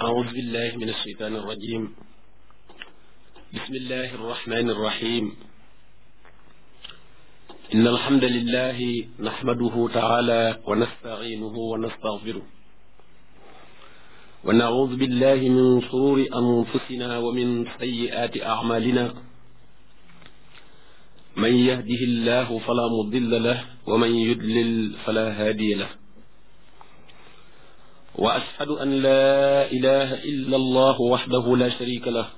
أعوذ بالله من الشيطان الرجيم بسم الله الرحمن الرحيم إن الحمد لله نحمده تعالى ونستعينه ونستغفره ونعوذ بالله من شرور أنفسنا ومن سيئات أعمالنا من يهده الله فلا مضل له ومن يدلل فلا هادي له wa ashhadu an laa ilaha illa allah waxdahu la sharika lah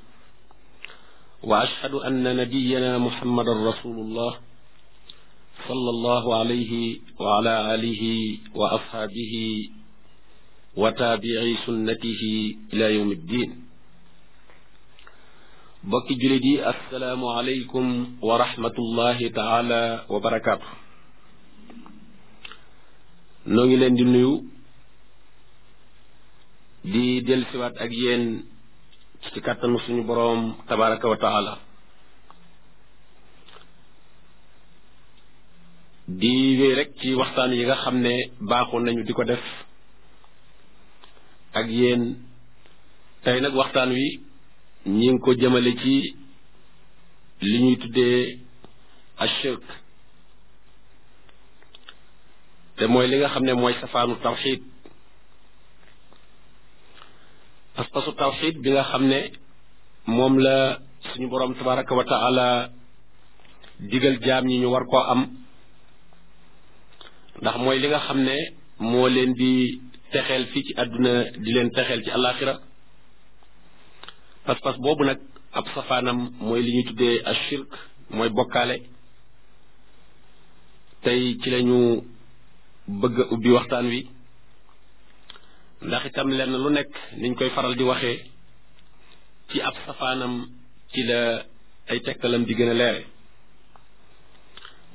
wa ashhadu anna nabiyana muhammadan rasulullah sallallahu alayhi wa ala alihi wa ashaabihi wa taabi'i sunnatihi ila yawmi ddin bokki jullit yi assalaamu aleykum wa rahmatullahi taala wa barakaatu noo ngi leen di nuyu di dellusiwaat ak yéen ci kàttanu suñu boroom tabaraka wa taala di wéy rek ci waxtaan yi nga xam ne baaxoon nañu di ko def ak yéen tey nag waxtaan wi ñi ngi ko jëmale ci li ñuy tuddee ashirk te mooy li nga xam ne mooy safaanu tawxid pas-pasu bi nga xam ne moom la suñu borom tabaraka wa taala digal jaam yi ñu war koo am ndax mooy li nga xam ne moo leen di texeel fii ci àdduna di leen texeel ci alaxira pas-pas boobu nag ab safaanam mooy li ñuy tuddee ashirk mooy bokkaale tey ci lañu bëgg a ubbi waxtaan wi ndax itam lenn lu nekk niñ koy faral di waxee ci ab safaanam ci la ay tegtalam di gën a leere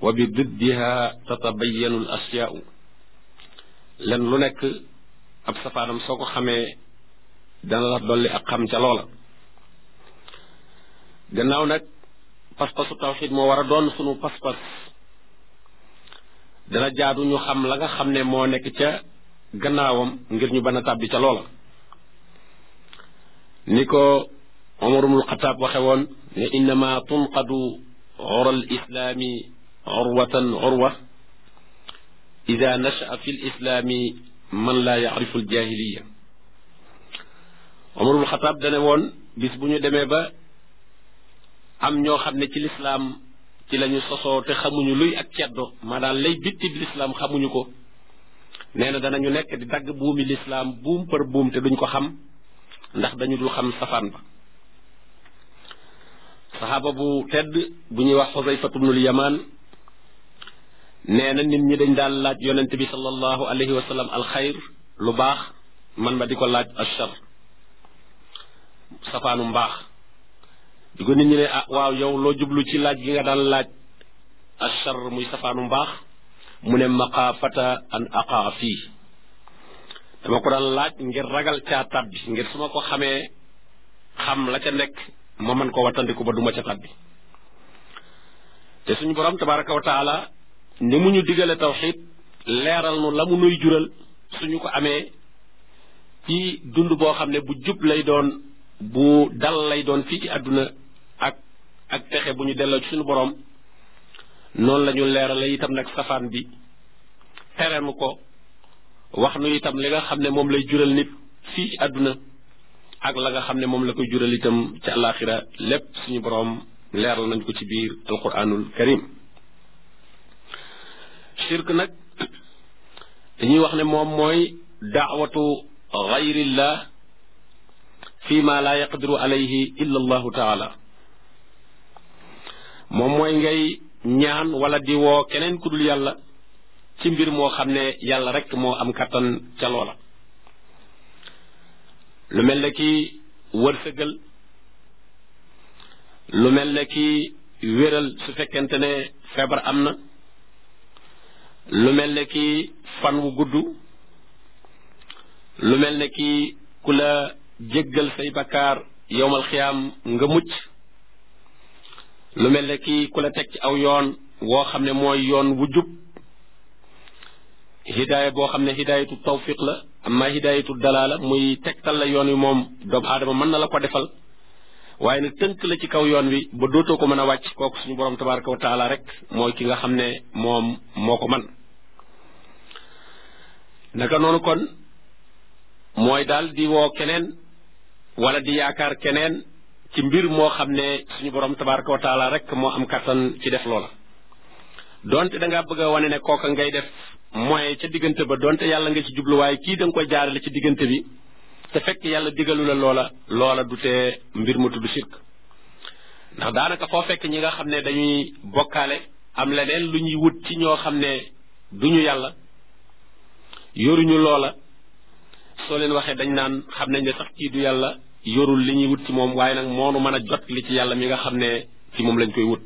wa bi diddiha tatabayanu al asyaau lenn lu nekk ab safaanam soo ko xamee dana la dolli ak xam ca loola gannaaw nag pas-pasu tawxid moo war a doon sunu pas-pas dana jaadu ñu xam la nga xam ne moo nekk ca gannaawam ngir ñu bana bi ca loola ni ko Omar ibnul Xataab waxe woon ne innama tunqadu xoral islaami orwatan orwa ida nasha fi lislaami man laa yacrifu aljaahiliya Omar bu ñu demee ba am ñoo xam ne ci lislaam ci lañu ñu sosoo te xamuñu luy ak ceddo maanaam lay bitti bi lislaam xamuñu ko nee na danañu nekk di dagg buumi lislaam buum par buum te duñ ko xam ndax dañu dul xam safaan ba saxaaba bu tedd bu ñuy wax xusayfatu bnul yamaan nee na nit ñi dañ daan laaj yonent bi sallallahu alayhi wa sallam lu baax man ma di ko laaj achar safaanu mbaax di ko nit ñi ne ah waaw yow loo jublu ci laaj gi nga daan laaj achar muy safaanu mbaax mu ne maqaafata an aqaa fii dama ko daan laaj ngir ragal caa tàbbi ngir su ma ko xamee xam la ca nekk ma mën ko wattandiku ba duma ca tàbbi te suñu borom tabaraka wa ni mu ñu digale tawxid leeral nu la mu nuy jural suñu ko amee ci dund boo xam ne bu jub lay doon bu dal lay doon fii ci àdduna ak ak pexe bu ñu delloo ci suñu borom noonu lañu ñu leerale itam nag safaan bi terenu ko wax nu itam li nga xam ne moom lay jural nit fii àdduna ak la nga xam ne moom la koy jural itam ci àllaaxira lépp suñu boroom leeral nañ ko ci biir alquranul karim shirk nag dañuy wax ne moom mooy daawatu gayrillah fi ma laa yaqdiru alayhi illa allahu taala moom mooy ngay ñaan wala di woo keneen ku yàlla ci mbir moo xam ne yàlla rekk moo am kattan ca loola lu mel ne ki wërsëgal lu mel ne ki wéral su fekkente ne feebar am na lu mel ne ki fan wu gudd lu mel ne ki ku la jéggal say bakkaar yowmal xiyaam nga mucc lu mel ne kii ku la teg ci aw yoon woo xam ne mooy yoon wu jub hidaaya boo xam ne hidaayatu tawfiq la amma hidaayatu dalaala muy tegtal la yoon wi moom doomu aadama mën na la ko defal waaye nag tënk la ci kaw yoon wi ba dootoo ko mën a wàcc kooku suñu borom tabaraka wa taala rek mooy ki nga xam ne moom moo ko man naka noonu kon mooy daal di woo keneen wala di yaakaar keneen ci mbir moo xam ne suñu borom tabaraka wa taala rek moo am kattan ci def loola donte da ngaa bëgg a wane ne kooka ngay def mooy ca diggante ba donte yàlla nga ci jublu kii da nga koy jaarale ci diggante bi te fekk yàlla digalu la loola loola du tee mbir mu tudd sirk ndax daanaka foo fekk ñi nga xam ne dañuy bokkaale am leneen lu ñuy wut ci ñoo xam ne duñu yàlla yoruñu loola soo leen waxee dañ naan xam nañ ne sax kii du yàlla yorul li ñuy wut ci moom waaye nag moonu mën a jot li ci yàlla mi nga xam ne ci moom lañ koy wut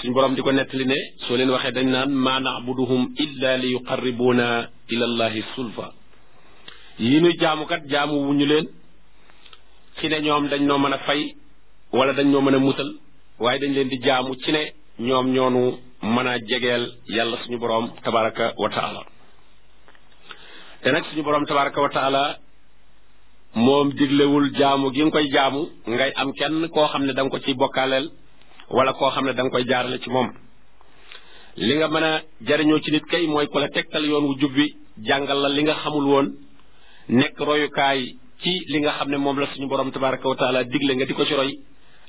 suñ borom di ko nettali ne soo leen waxee dañ naan maa na'buduhum illa li yuqarribuuna ila allahi sulfa yi nuy jaamukat jaamu wuñu leen ci ne ñoom dañ noo mën a fay wala dañ noo mën a musal waaye dañ leen di jaamu ci ne ñoom ñoonu mën a jegeel yàlla suñu boroom tabaraka wa taala te nag suñu borom tabaraka wa taala moom diglewul jaamu gi nga koy jaamu ngay am kenn koo xam ne danga ko ci bokkaaleel wala koo xam ne da nga koy jaarale ci moom li nga mën a jariñoo ci nit kay mooy ko la tegtal yoon wu jub bi jàngal la li nga xamul woon nekk royukaay ci li nga xam ne moom la suñu borom tabaraka wa taala digle nga di ko ci roy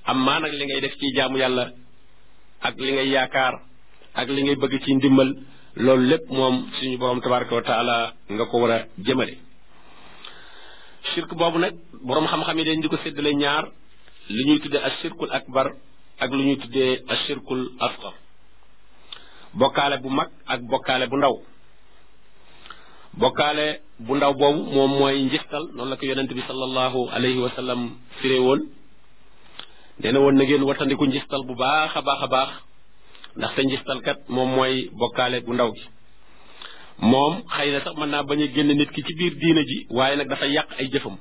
am maa li ngay def ci jaamu yàlla ak li ngay yaakaar ak li ngay bëgg ci ndimbal loolu lépp moom suñu borom tabaraka wa nga ko war a jëmale shirk boobu nag boroom xam-xam yi dañ di ko séddale ñaar li ñuy tuddee as shirkul akbar ak lu ñuy tuddee as shirkul asgar bokkaale bu mag ak bokkaale bu ndaw bokkaale bu ndaw boobu moom mooy njistal noonu la ko yonent bi sallallahu alayhi wa sallam firé woon nee na woon na ngeen wattandiku njistal bu baax a baax a baax ndax ndaxte njistalkat moom mooy bokkaale bu ndaw gi moom xëy na sax mën naa bañ a génn nit ki ci biir diina ji waaye nag dafa yàq ay jëfam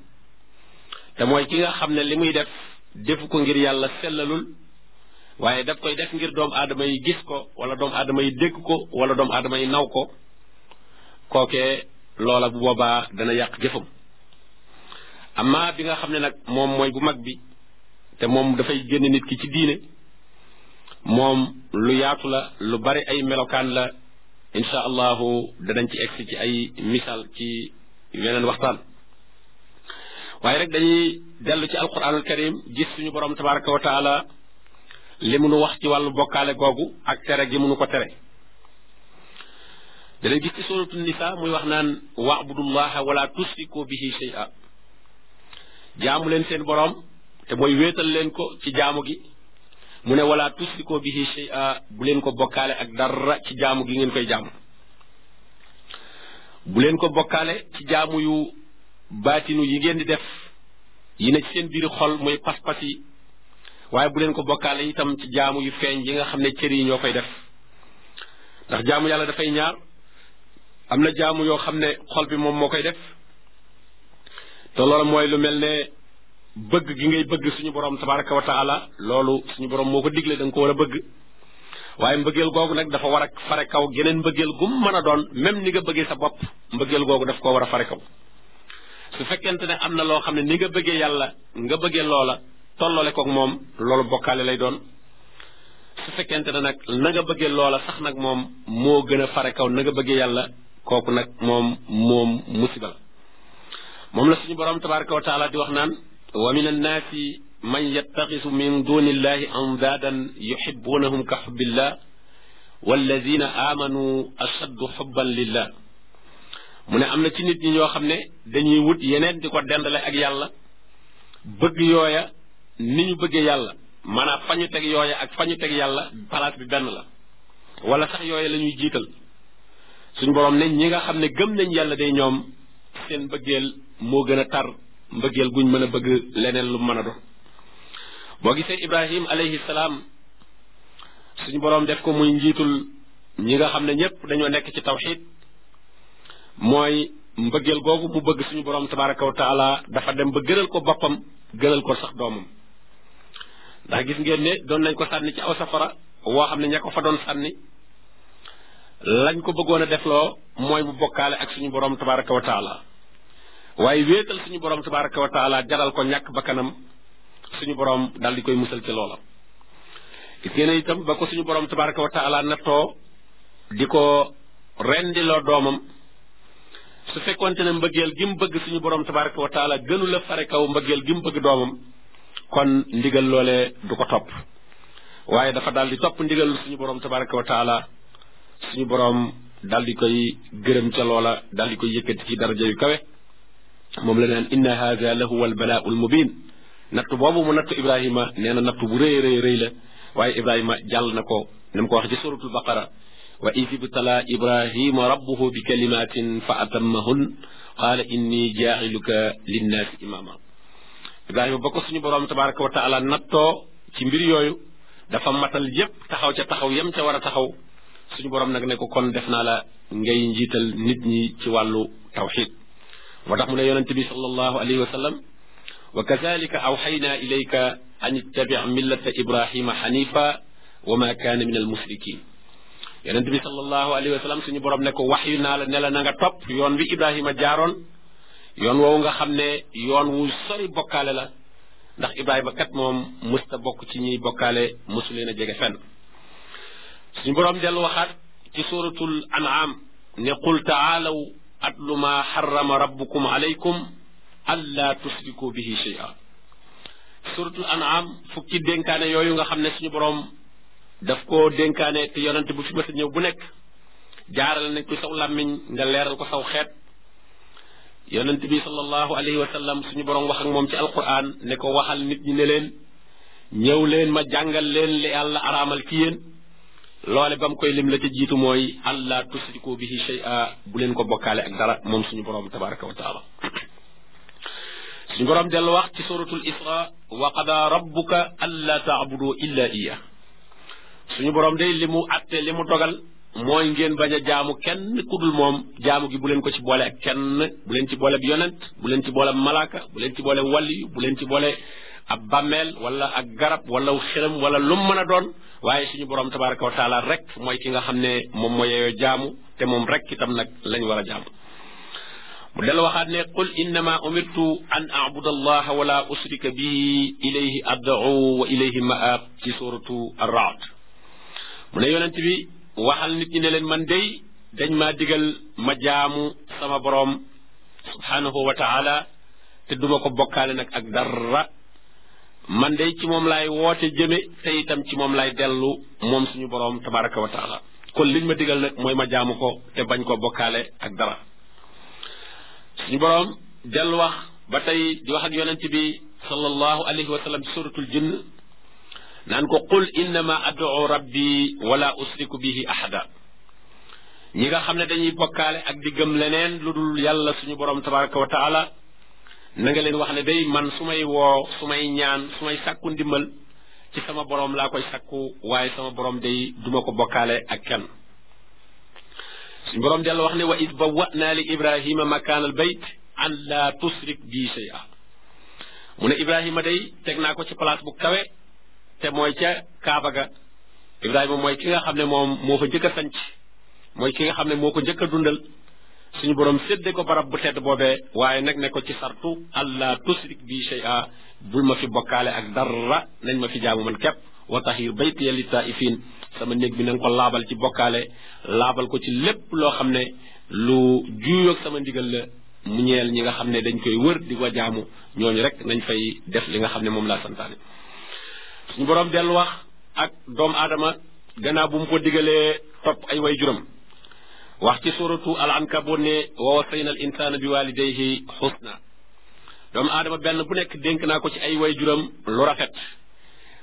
te mooy ki nga xam ne li muy def defu ko ngir yàlla sellalul waaye daf koy def ngir doomu aadama yi gis ko wala doom aadama yi dégg ko wala doomu aadama yi naw ko kooke loola bu boobaa dana yàq jëfam amma bi nga xam ne nag moom mooy bu mag bi te moom dafay génn nit ki ci diine moom lu yaatu la lu bari ay melokaan la incha allahu danañ ci egsi ci ay misaal ci weneen waxtaan waaye rek dañuy dellu ci alquranul karim gis suñu borom tabaraka wa taala li mu nu wax ci wàllu bokkaale googu ak tere gi mu nu ko tere danañ gis ci suratu muy wax naan waabudullaha wala tusriku bihi shay'a jaamu leen seen boroom te mooy wéetal leen ko ci jaamu gi mu ne wala tusriko bihi shay'a bu leen ko bokkaale ak dara ci jaamu gi ngeen koy jaamu bu leen ko bokkaale ci jaamu yu baatinu yi ngeen di def yi ne ci seen biir xol mooy pas-pas yi waaye bu leen ko bokkaale itam ci jaamu yu feeñ yi nga xam ne cër yi ñoo koy def ndax jaamu yàlla dafay ñaar am na jaamu yoo xam ne xol bi moom moo koy def te loolu mooy lu mel ne bëgg gi ngay bëgg suñu borom tabaraka wa taala loolu suñu borom moo ko digle da ko war a bëgg waaye mbëggeel googu nag dafa war a fare kaw geneen mbëggeel gum mën a doon même ni nga bëggee sa bopp mbëggeel googu daf koo war a fare kaw su fekkente ne am na loo xam ne ni nga bëggee yàlla nga bëggee loola tolloole kook moom loolu bokkaale lay doon su fekkente ne nag na nga bëggee loola sax nag moom moo gën a fare kaw na nga bëggee yàlla kooku nag moom moom musiba la moom la suñu borom wa min annaasi man yattaxisu min duni illahi andaadan yuxibunahum ka xubbillah walladina aamanu ashaddu xubban lillah mu ne am na ci nit ñi ñoo xam ne dañuy wut yeneen di ko dendale ak yàlla bëgg yooya ni ñu bëggee yàlla maanaam fa ñu teg yooya ak fa ñu teg yàlla place bi benn la wala sax yooya lañuy jiital suñu boroom ne ñi nga xam ne gëm nañ yàlla day ñoom seen bëggeel moo gën a tar mbëggeel guñ mën a bëgg leneen lu mën a doon boo gisee ibrahim alayhi salaam suñu boroom def ko muy njiitul ñi nga xam ne ñépp dañoo nekk ci tawxid mooy mbëggeel googu mu bëgg suñu boroom tabaraka wa dafa dem ba gënal ko boppam gënal ko sax doomam ndax gis ngeen ni doon nañ ko sànni ci aw safara woo xam ne ña ko fa doon sànni lañ ko bëggoon a defloo mooy mu bokkaale ak suñu boroom tabaraka wa waaye wéetal suñu borom tabaraka wa taala jaral ko ñàkk bakkanam suñu borom daal di koy musal ci itam ba suñu borom tabaraka wa ko rendiloo doomam su fekkonte ne mbëggeel gi mu bëgg suñu borom tabaraka wa taala gënu kaw mbëggeel gi mu bëgg doomam kon ndigal loolee du ko topp waaye dafa daal di topp ndigal suñu borom tabaraka wa taala suñu di koy gërëm ca loola daal di koy yëkkati ci daraja yu kawe moom la naan inna haada lahuwa albalaau almubin natt boobu mu natt ibrahima nee na natt bu rëy rëy rëy la waaye ibrahima jàll na ko na mu ko wax ci suratul baqara wa iz ibtalaa ibrahima rabbuhu bi kalimatin fa atammahun qaala inni jaa'iluka linnaasi imaama ibrahima ba ko suñu boroom tabaraka wa taala nattoo ci mbir yooyu dafa matal yépp taxaw ca taxaw yem ca war a taxaw suñu boroom nag ne ko kon def naa la ngay njiital nit ñi ci wàllu tawxid moo tax mu ne yonente bi sallallahu alayhi wa sallam wa kazalika awxaynaa ilayka an ittabic millata ibrahima xanifa wa ma kaana min al mushrikin yonent bi sallallahu alayhi wa sallam suñu borom ne ko wax yu naa la ne la na nga topp yoon wi ibrahima jaaroon yoon woowu nga xam ne yoon wu sori bokkaale la ndax ibrahima kat moom mësta bokk ci ñiy bokkaale mësu leen a jege fenn suñu borom dellu waxaat ci suratul an'am ne qul taalaw atlu ma xarama rabbukum alaykum alla tusriku bihi shay'a suratul an'am fukki dénkaane yooyu nga xam ne suñu boroom daf ko dénkaane te yonante bu fi mës a ñëw bu nekk jaaral nañ ko saw làmmiñ nga leeral ko saw xeet yonent bi sallallahu alayhi wa sallam suñu boroom wax ak moom ci alquran ne ko waxal nit ñi ne leen ñëw leen ma jàngal leen li yàlla araamal ci yéen loole ba mu koy lim la ca jiitu mooy allah tusriku bihi shay'a bu leen ko bokkaale ak dara moom suñu borom tabaraka wa taala suñu borom dellu wax ci suratul isra wa qada rabbuka alla taabudu illa iya suñu borom day li mu atte li mu dogal mooy ngeen bañ jaamu kenn kudul moom jaamu gi bu leen ko ci boole ak kenn bu leen ci boole ak yonent bu leen ci boole ak malaaka bu leen ci boole wàlli bu leen ci boole ab bàmmeel wala ak garab wala xërëm wala lum mën a doon waaye suñu borom tabaraka wa taala rek mooy ki nga xam ne moom mooy yeyoo jaamu te moom rek itam nag lañ war a jaamu mu dal waxaat ne qul innama umirtu an abuda allah wala usrika bihi ilayhi ad'u wa ilayhi ma'ab ci suratu ar-ra'd mu ne yonent bi waxal nit ñi ne leen man day dañ ma digal ma jaamu sama boroom subhanahu wa taala te duma ko bokkaale nag ak dara man dey ci moom laay woote jëme te itam ci moom laay dellu moom suñu boroom tabaraka wa taala kon liñ ma digal nag mooy ma jaamu ko te bañ koo bokkaale ak dara suñu boroom dellu wax ba tey di wax ak yonent bi sallallahu alayhi wa sallam jinn naan ko qul innama ad'u rabbi wala usriku bihi ahada ñi nga xam ne dañuy bokkaale ak di gëm leneen lu dul yàlla suñu boroom tabaraka wa taala na nga leen wax ne day man su may woo su may ñaan su may sàkku ndimbal ci sama boroom laa koy sàkku waaye sama boroom day duma ko bokkaale ak kenn suñ borom dellu wax ne wa is bawwa'naa li ibrahima makaanal bayt an laa tusrik bi shay'a mu ne ibrahima day teg naa ko ci place bu kawe te mooy ca kaaba ga ibrahima mooy ki nga xam ne moom moo fa njëkk a mooy ki nga xam ne moo ko njëkk a dundal suñu borom sédde ko barab bu tedd boobee waaye nag ne ko ci sartu allah tusrik bi shay'a bul ma fi bokkaale ak dara nañ ma fi jaamu man képp wa tahir baytiya li taifin sama néeg bi na ko laabal ci bokkaale laabal ko ci lépp loo xam ne lu juuyoog sama ndigal la mu ñeel ñi nga xam ne dañ koy wër di ko jaamu ñooñu rek nañ fay def li nga xam ne moom laa santaane suñu borom dellu wax ak doomu aadama gannaaw bu mu ko digalee topp ay way juram wax ci suratu al ankabut ne wa na al insaana bi walidayhi xusna doomu aadama benn bu nekk dénk naa ko ci ay way juram lu rafet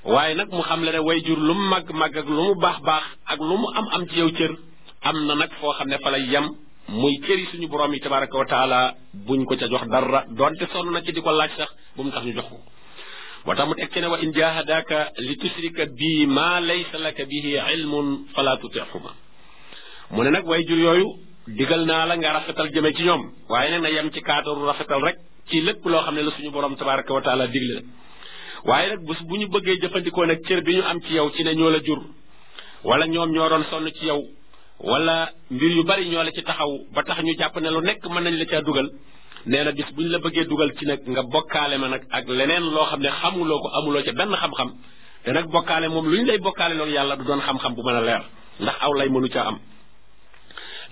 waaye nag mu xam le ne way jur lu mu màgg màgg ak lu mu baax baax ak lu mu am am ci yow cër am na nag foo xam ne fa lay yem muy cëri suñu borom yi tabaraka wa taala buñ ko ca jox dara donte sonn na ci di bu mu tax ñu jox ko moo tax mu teg ci ne wa in jahadaka li tusrika bi ma laysa laka bihi ilmun fala tutixuma mu ne nag way jur yooyu digal naa la nga rafetal jëme ci ñoom waaye nag na yem ci cadre rafetal rek ci lépp loo xam ne la suñu borom tabaraka wa taala digle la waaye nag bu bu ñu bëggee jëfandikoo nag cër bi ñu am ci yow ci ne ñoo la jur wala ñoom ñoo doon sonn ci yow wala mbir yu bari ñoo la ci taxaw ba tax ñu jàpp ne lu nekk mën nañ la caa dugal nee na bis bu ñu la bëggee dugal ci nag nga bokkaale ma nag ak leneen loo xam ne xamuloo ko amuloo ca benn xam te nag bokkaale moom lu ñu lay bokkaale yàlla du doon xam bu mën a leer ndax aw lay mënu caa am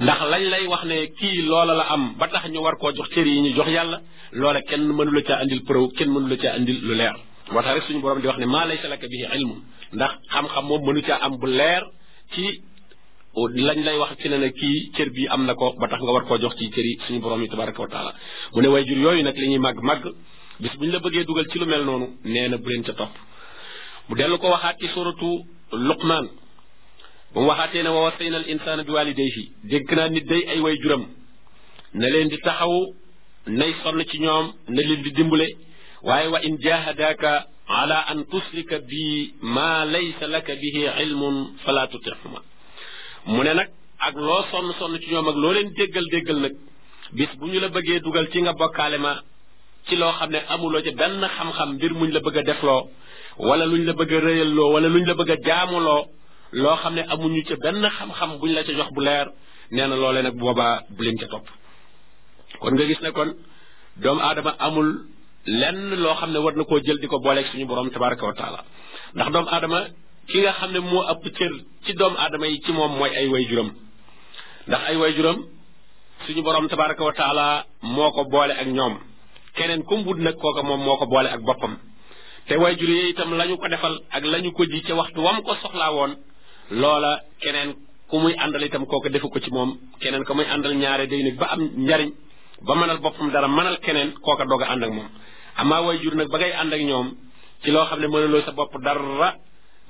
ndax lañ lay wax ne kii loola la am ba tax ñu war koo jox cër yi ñu jox yàlla loola kenn mënula la caa andil kenn mënu la caa andil lu leer moo tax rek suñu borom di wax ne maa laysa laka bihi ilmun ndax xam-xam moom mënu caa am bu leer ci lañ lay wax ci ne ne kii cër bii am na ko ba tax nga war koo jox ci cër yi suñu borom yi tabaraka wa taala mu ne way jur yooyu nag li ñuy màgg-màgg bis bu ñu la bëggee dugal ci lu mel noonu nee na bu leen ca topp mu dellu ko waxaat ci suratu luqmaan ba mu waxaatee ne wa wasayna al insaana bi walidayhi dénk naa nit day ay way juram na leen di taxawu nay sonn ci ñoom na leen di dimbale waaye wa in jahadaka ala an tusrika bi ma laysa laka bihi ilmun fala tutixuma mu ne nag ak loo sonn sonn ci ñoom ak loo leen déggal déggal nag bis bu ñu la bëggee dugal ci nga bokkaale ma ci loo xam ne amuloo ci benn xam-xam mbir muñ la bëgg a defloo wala luñ la bëgg a rëyalloo wala luñ la bëgg a jaamuloo loo xam ne amuñu ca benn xam-xam buñ la ca jox bu leer nee na loolee nag boobaa bu leen ca topp kon nga gis ne kon doomu aadama amul lenn loo xam ne war na koo jël di ko boole suñu borom tabaraka wa ndax doomu aadama ki nga xam ne moo ëpp cër ci doomu aadama yi ci moom mooy ay waajuram ndax ay waajuram suñu borom tabaraka moo ko boole ak ñoom keneen ku mbut nag kooka moom moo ko boole ak boppam te waajur yi itam lañu ko defal ak lañu ko ji ca waxtu wam ko soxlaa woon loola keneen ku muy àndal itam kooku defu ko ci moom keneen ka muy àndal ñaare day nag ba am njariñ ba mënal boppam dara mënal keneen kooka doog a ànd ak moom amaa way jur nag ba ngay ànd ak ñoom ci loo xam ne mënaloo sa bopp dara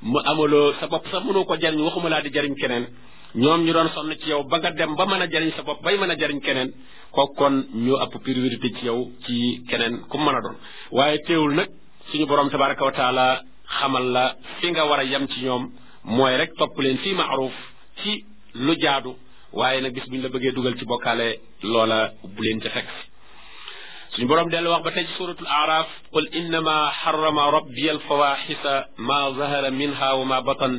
mu amaloo sa bopp sa mënoo ko jariñ waxuma laa di jariñ keneen ñoom ñu doon sonn ci yow ba nga dem ba mën a jariñ sa bopp bay mën a jariñ keneen kooku kon ñu ëpp priorité ci yow ci keneen ku mën a doon waaye teewul nag suñu borom tabaraka wa taala xamal la fi nga war a yem ci ñoom mooy rek topp leen fii maaruuf ci lu jaadu waaye nag bis bu ñu la bëggee dugal ci bokkaale loola bu leen ca fekk suñu boroom dellu wax ba tey ci suratul araf qul innama xarama rabbi alfawaxisa ma zahara minha wa ma batan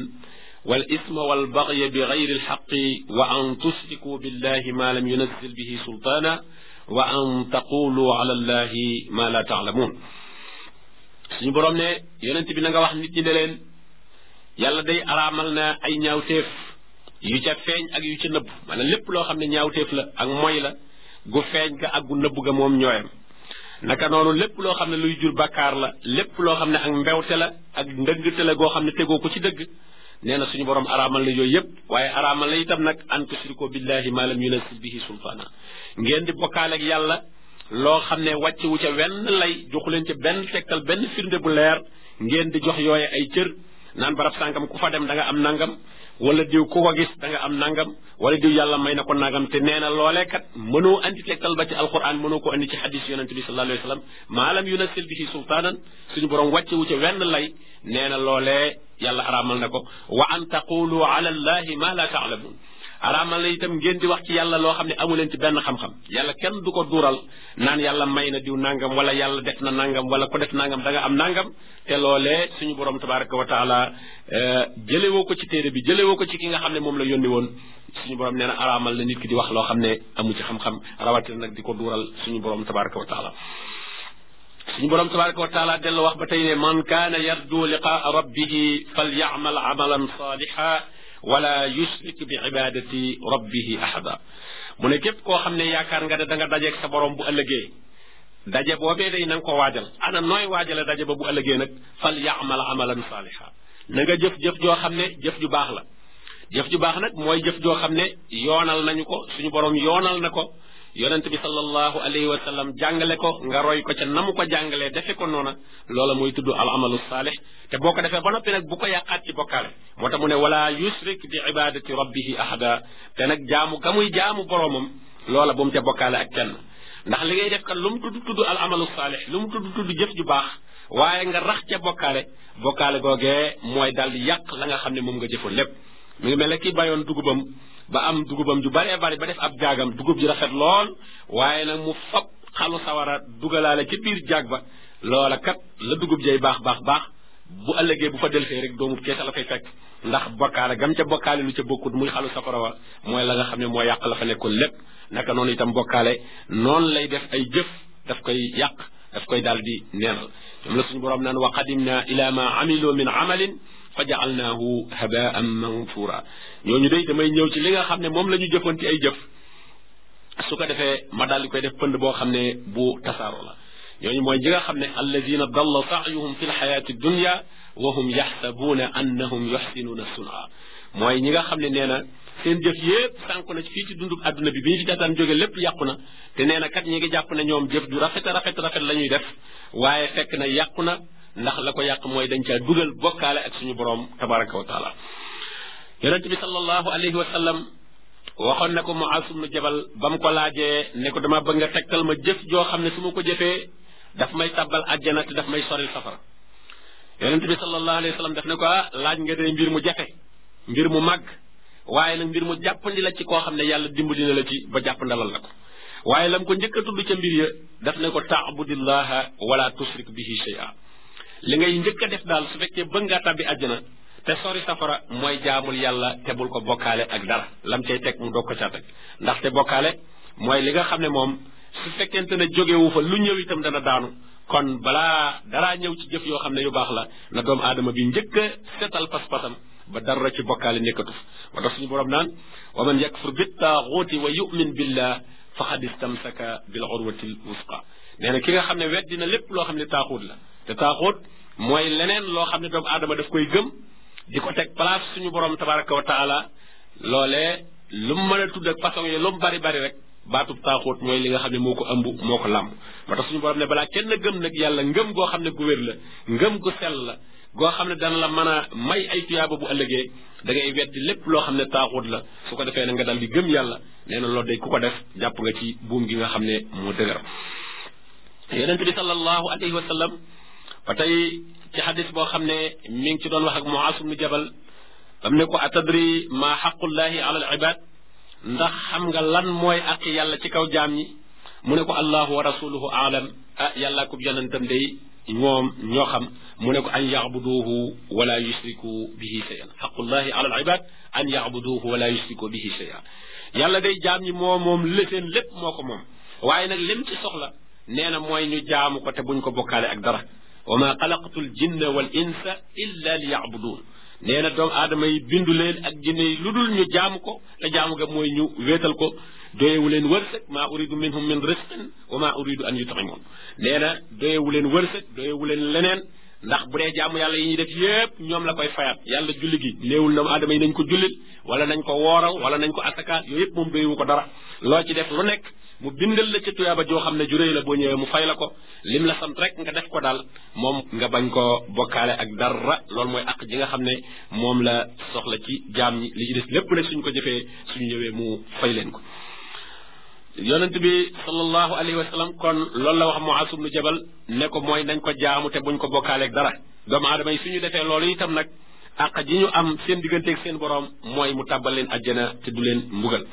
wal isma wal baxya bi gayri alxaqi wa an tushriku billahi ma lam yunazil bihi sultaana wa an taqulu ala allahi ma la taalamuun suñu boroom ne yonent bi na nga wax nit ñi ne leen yàlla day araamal na ay ñaawteef yu ca feeñ ak yu ca nëbb maanaam lépp loo xam ne ñaawteef la ak moy la gu feeñ ga ak gu nëbb ga moom ñooyam naka noonu lépp loo xam ne luy jur bàkkaar la lépp loo xam ne ak mbewte la ak ndëngte la goo xam ne tegoo ko ci dëgg nee na suñu borom araamal na yooyu yëpp waaye araamal na itam nag an tusriku billahi ma lam yunazil bihi sultaana ngeen di bokkaale yàlla loo xam ne wàcc wu ca wenn lay joxu leen ca benn tegtal benn firnde bu leer ngeen di jox yooye ay cër naan barab sàngam ku fa dem da am nangam wala diw ku ko gis am nangam wala diw yàlla may na ko nangam te nee na loolee kat mënoo andi tegtal ba ci alquran mënoo ko andi ci hadis yonente bi sallallahu alayhi wa sallam maalam yunasil bihi sultaanan suñu borom wàcce wu ca wenn lay nee na loolee yàlla araamal na ko wa an taqulu ala allahi ma la taalamun araamal la itam ngeen di wax ci yàlla loo xam ne amu leen ci benn xam-xam yàlla kenn du ko duural naan yàlla may na diw nangam wala yàlla def na nangam wala ko def nangam da am nangam te loolee suñu borom tabaraka wa taala euh, woo ko ci téere bi jëlewoo ko ci ki nga xam ne moom la yónni woon suñu borom nee na araamal la nit ki di wax loo xam ne amu ci xam-xam rawatina nag di ko duural suñu borom tabaraka wa taala suñu borom tabaraka wa taala dellu wax ba tey ne man kaana yardu liqaa rabbihi fal yaamal amalan saaliha wala yushrik bi ibadati rabbihi ahada mu ne képp koo xam ne yaakaar nga ne da nga dajeeg sa borom bu ëllëgee daje boobee day na ko waajal ana nooy waajale daje ba bu ëllëgee nag fal yaamal amalan saaliha na nga jëf-jëf joo xam ne jëf ju baax la jëf ju baax nag mooy jëf joo xam ne yoonal nañu ko suñu borom yoonal na ko yonent bi sallallahu alayhi wa sallam jàngale ko nga roy ko ca na mu ko jàngalee defe ko noona loola mooy tudd al amalu saalih te boo ko defee ba noppi nag bu ko yàqaat ci bokkaale moo tax mu ne wala yusrik bi ibadati rabbihi ahada te nag jaamu ga muy jaamu boroomam loola bu mu ca bokkaale ak kenn ndax li ngay def kat lu mu tudd tudd al amalu saalih lu mu tudd tudd jëf ju baax waaye nga rax ca bokkaale bokkaale googee mooy daal di yàq la nga xam ne moom nga jëfoon lépp mu ngi mel ne ki bayoon dugubam ba am dugubam ju baree bari ba def ab jaagam dugub ji rafet lool waaye nag mu fab xalu sawara dugalaale ca biir jaag ba loola kat la dugub jay baax baax baax bu ëllëgee bu fa delfee rek doomu keesa la fay fekk ndax bokkaale gam ca bokkaale lu ca bokkut muy xalu safara wa mooy la nga xam ne moo yàq la fa nekkoon lépp naka noonu itam bokkaale noonu lay def ay jëf daf koy yàq daf koy daal di neenal ñoom la suñu borom wa qadimna ila ma amilu min amalin fa ja'alnaahu habaan manfuura ñooñu day damay ñëw ci li nga xam ne moom lañuy ñu jëfoon ci ay jëf su ko defee ma daal li koy def pënd boo xam ne bu tasaaro la ñooñu mooy ñi nga xam ne alladina dalla saayuhum fi lxayaati dunya wa hum yaxsabuuna annahum yuxsinuuna sun'a mooy ñi nga xam ne nee na seen jëf yépp sànku na fii ci dundub adduna bi bi ñu fi daan jóge lépp yàqu na te nee na kat ñi ngi jàpp ne ñoom jëf ju rafet rafet rafet la ñuy def waaye fekk na yàqu na ndax la ko yàq mooy dañ caa dugal bokkaale ak suñu boroom tabaraka wa taala yonent bi sallallahu alayhi wa sallam waxoon na ko Muaz ibn Jabal ba mu ko laajee ne ko dama bëgg nga tegtal ma jëf joo xam ne su ma ko jëfee daf may tàbbal àjjana te daf may soril safara yonent bi sallallahu alayhi wa sallam daf ne ko ah laaj nga day mbir mu jafe mbir mu màgg waaye nag mbir mu jàppandi la ci koo xam ne yàlla dimbali na la ci ba jàpp ndalal la ko waaye lam ko njëkk a tudd ca mbir ya daf ne ko taabudillaha wala tushrik li ngay njëkk a def daal su fekkee bëgg ngaa tàbbi àjjana te sori safara mooy jaamul yàlla te bul ko bokkaale ak dara lam cay teg mu doog ko caa teg ndaxte bokkaale mooy li nga xam ne moom su fekkente ne jógewu fa lu ñëw itam dana daanu kon balaa daraa ñëw ci jëf yoo xam ne yu baax la na doomu aadama bi njëkk a setal pas-pasam ba dara ci bokkaale nekkatu moo tax suñu borom naan wa man yakfur bi taaxuuti wa yumin billah faqad istamsaka bil urwati l wusqa na ki nga xam ne weddi na lépp loo xam ne taaxuut la te taaxut mooy leneen loo xam ne doomu aadama daf koy gëm di ko teg place suñu borom tabaraka wa taala loolee lu mu mën a tudd ak façon yi lu mu bari bari rek baatub taaxut mooy li nga xam ne moo ko ëmb moo ko làmb moo tax suñu borom ne balaa kenn gëm nag yàlla ngëm goo xam ne gu la ngëm gu sell la goo xam ne dana la mën a may ay tuyaaba bu ëllëgee da ngay weddi lépp loo xam ne taaxut la su ko defee na nga dal di gëm yàlla nee na loo de ku ko def jàpp nga ci buum gi nga xam ne moo dëgër ba tey ci xadis boo xam ne mi ngi ci doon wax ak Muaas ibnu Jabal bam ne ko atadri maa xaqullahi ala al ibad ndax xam nga lan mooy àq yàlla ci kaw jaam ñi mu ne ko allahu wa rasuluhu aalam ah yàllaa ko yonentam day ñoom ñoo xam mu ne ko an yacbuduuhu wala yusriku bihi cheyan xaqullahi ala al ibad an yacbuduuhu wala yusriku bihi cheyan yàlla day jaam ñi moo moom lëseen lépp moo ko moom waaye nag lim ci soxla nee na mooy ñu jaamu ko te buñ ko bokkaale ak dara wa maa xalaqtul jinna wal insa illa li yacbuduun nee na doomu aadama yi bindu leen ak jinne lu dul ñu jaamu ko te jaamu ga mooy ñu wetal ko doyewu leen wërsëg maa uridu minhum min risqin wa maa uridu an yutimoon nee na doyewu leen wërsëg doyewu leen leneen ndax bu dee jaamu yàlla yi ñuy def yépp ñoom la koy fayaat yàlla julli gi néewul doomu aadama yi nañ ko jullil wala nañ ko wooraw wala nañ ko asaka yooyu yépp moom doyewu ko dara loo ci def lu nekk mu bindal la ca tuyaaba joo xam ne ju réy la boo ñëwee mu fay la ko lim la sant rek nga def ko daal moom nga bañ ko bokkaale ak dara loolu mooy àq ji nga xam ne moom la soxla ci jaam ñi li ci des lépp nag suñ ko jëfee suñu ñëwee mu fay leen ko yonent bi sallallahu alayhi wa sallam kon loolu la wax Muaz ibnu Jabal ne ko mooy nañ ko jaamu te buñ ko bokkaaleeg dara doomu aadama yi suñu defee loolu itam nag àq ji ñu am seen digganteeg seen boroom mooy mu tàbbal leen àjjana te du leen mbugal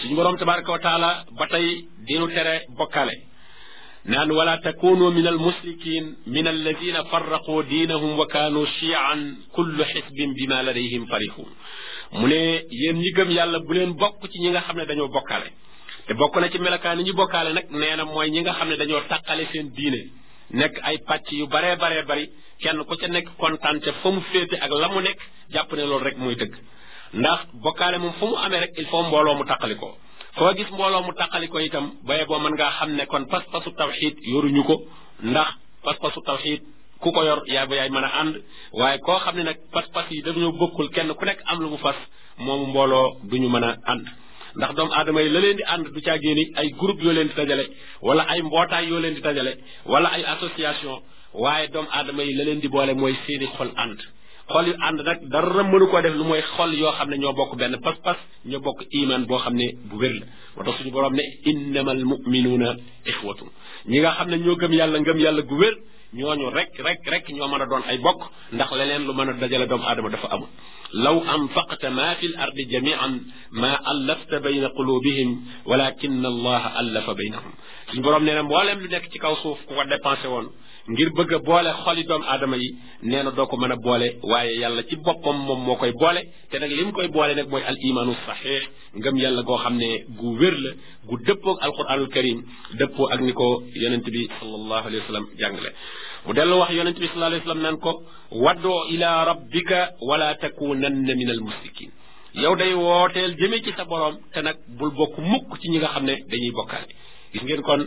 suñu boroom tabaraka wa taala ba tey dinu tere bokkale naan wala takunu min almusrikin min alladina farraqu diinahum wa kaanu chiaan kullu xisbin bima ladayhim farihun mu ne yéen ñi gëm yàlla bu leen bokk ci ñi nga xam ne dañoo bokkale te bokk na ci melakaan yi ñu bokkaale nag nee na mooy ñi nga xam ne dañoo taqale seen diine nekk ay pàcc yu baree baree bari kenn ku ca nekk kontaan ca fa mu féete ak la mu nekk jàpp ne loolu rek mooy dëgg ndax bokkaale moom fu mu amee rek il faut mbooloo mu taqalikoo foo gis mbooloo mu taqalikoo itam baye boo mën ngaa xam ne kon pas-pasu tawxid yoruñu ko ndax pas-pasu tawxid ku ko yor yaay ba yaay mën a ànd waaye koo xam ne nag pas-pas yi dañoo bokkul kenn ku nekk am lu mu fas moomu mbooloo ñu mën a ànd ndax doom aadama yi la leen di ànd du caa génne ay groupe yoo leen di dajale wala ay mbootaay yoo leen di dajale wala ay association waaye doomu aadama yi la leen di boole mooy seeni xol ànd xol ànd nag dara mënu koo def lu mooy xol yoo xam ne ñoo bokk benn pas-pas ñoo bokk iman boo xam ne bu wér la moo tax suñu boroom ne innamal muminuuna ixwatun ñi nga xam ne ñoo gëm yàlla ngëm yàlla gu wér ñooñu rek rek rek ñoo mën a doon ay bokk ndax leneen lu mën a dajale doomu aadama dafa amul law anfaqta maa fi l ardi jamian maa allafta bayna qulubihim walakin allaha allafa baynahum suñu boroom nee na mbooleem lu nekk ci kaw suuf ku ko dépensé woon ngir bëgg a boole xoli doomu aadama yi nee na doo ko mën a boole waaye yàlla ci boppam moom moo koy boole te nag li mu koy boole nag mooy al imaanu saxiix ngam yàlla goo xam ne gu wér la gu dëppoo ak alquranul karim dëppoo ak ni ko yonent bi sallallahu alayhi wa sallam jàngale mu dellu wax yonent bi sallallahu alayhi wa sallam naan ko waddoo ila rabbika wala takunanna min al musrikin yow day wooteel jëmee ci sa borom te nag bul bokk mukk ci ñi nga xam ne dañuy bokkaale gis ngeen kon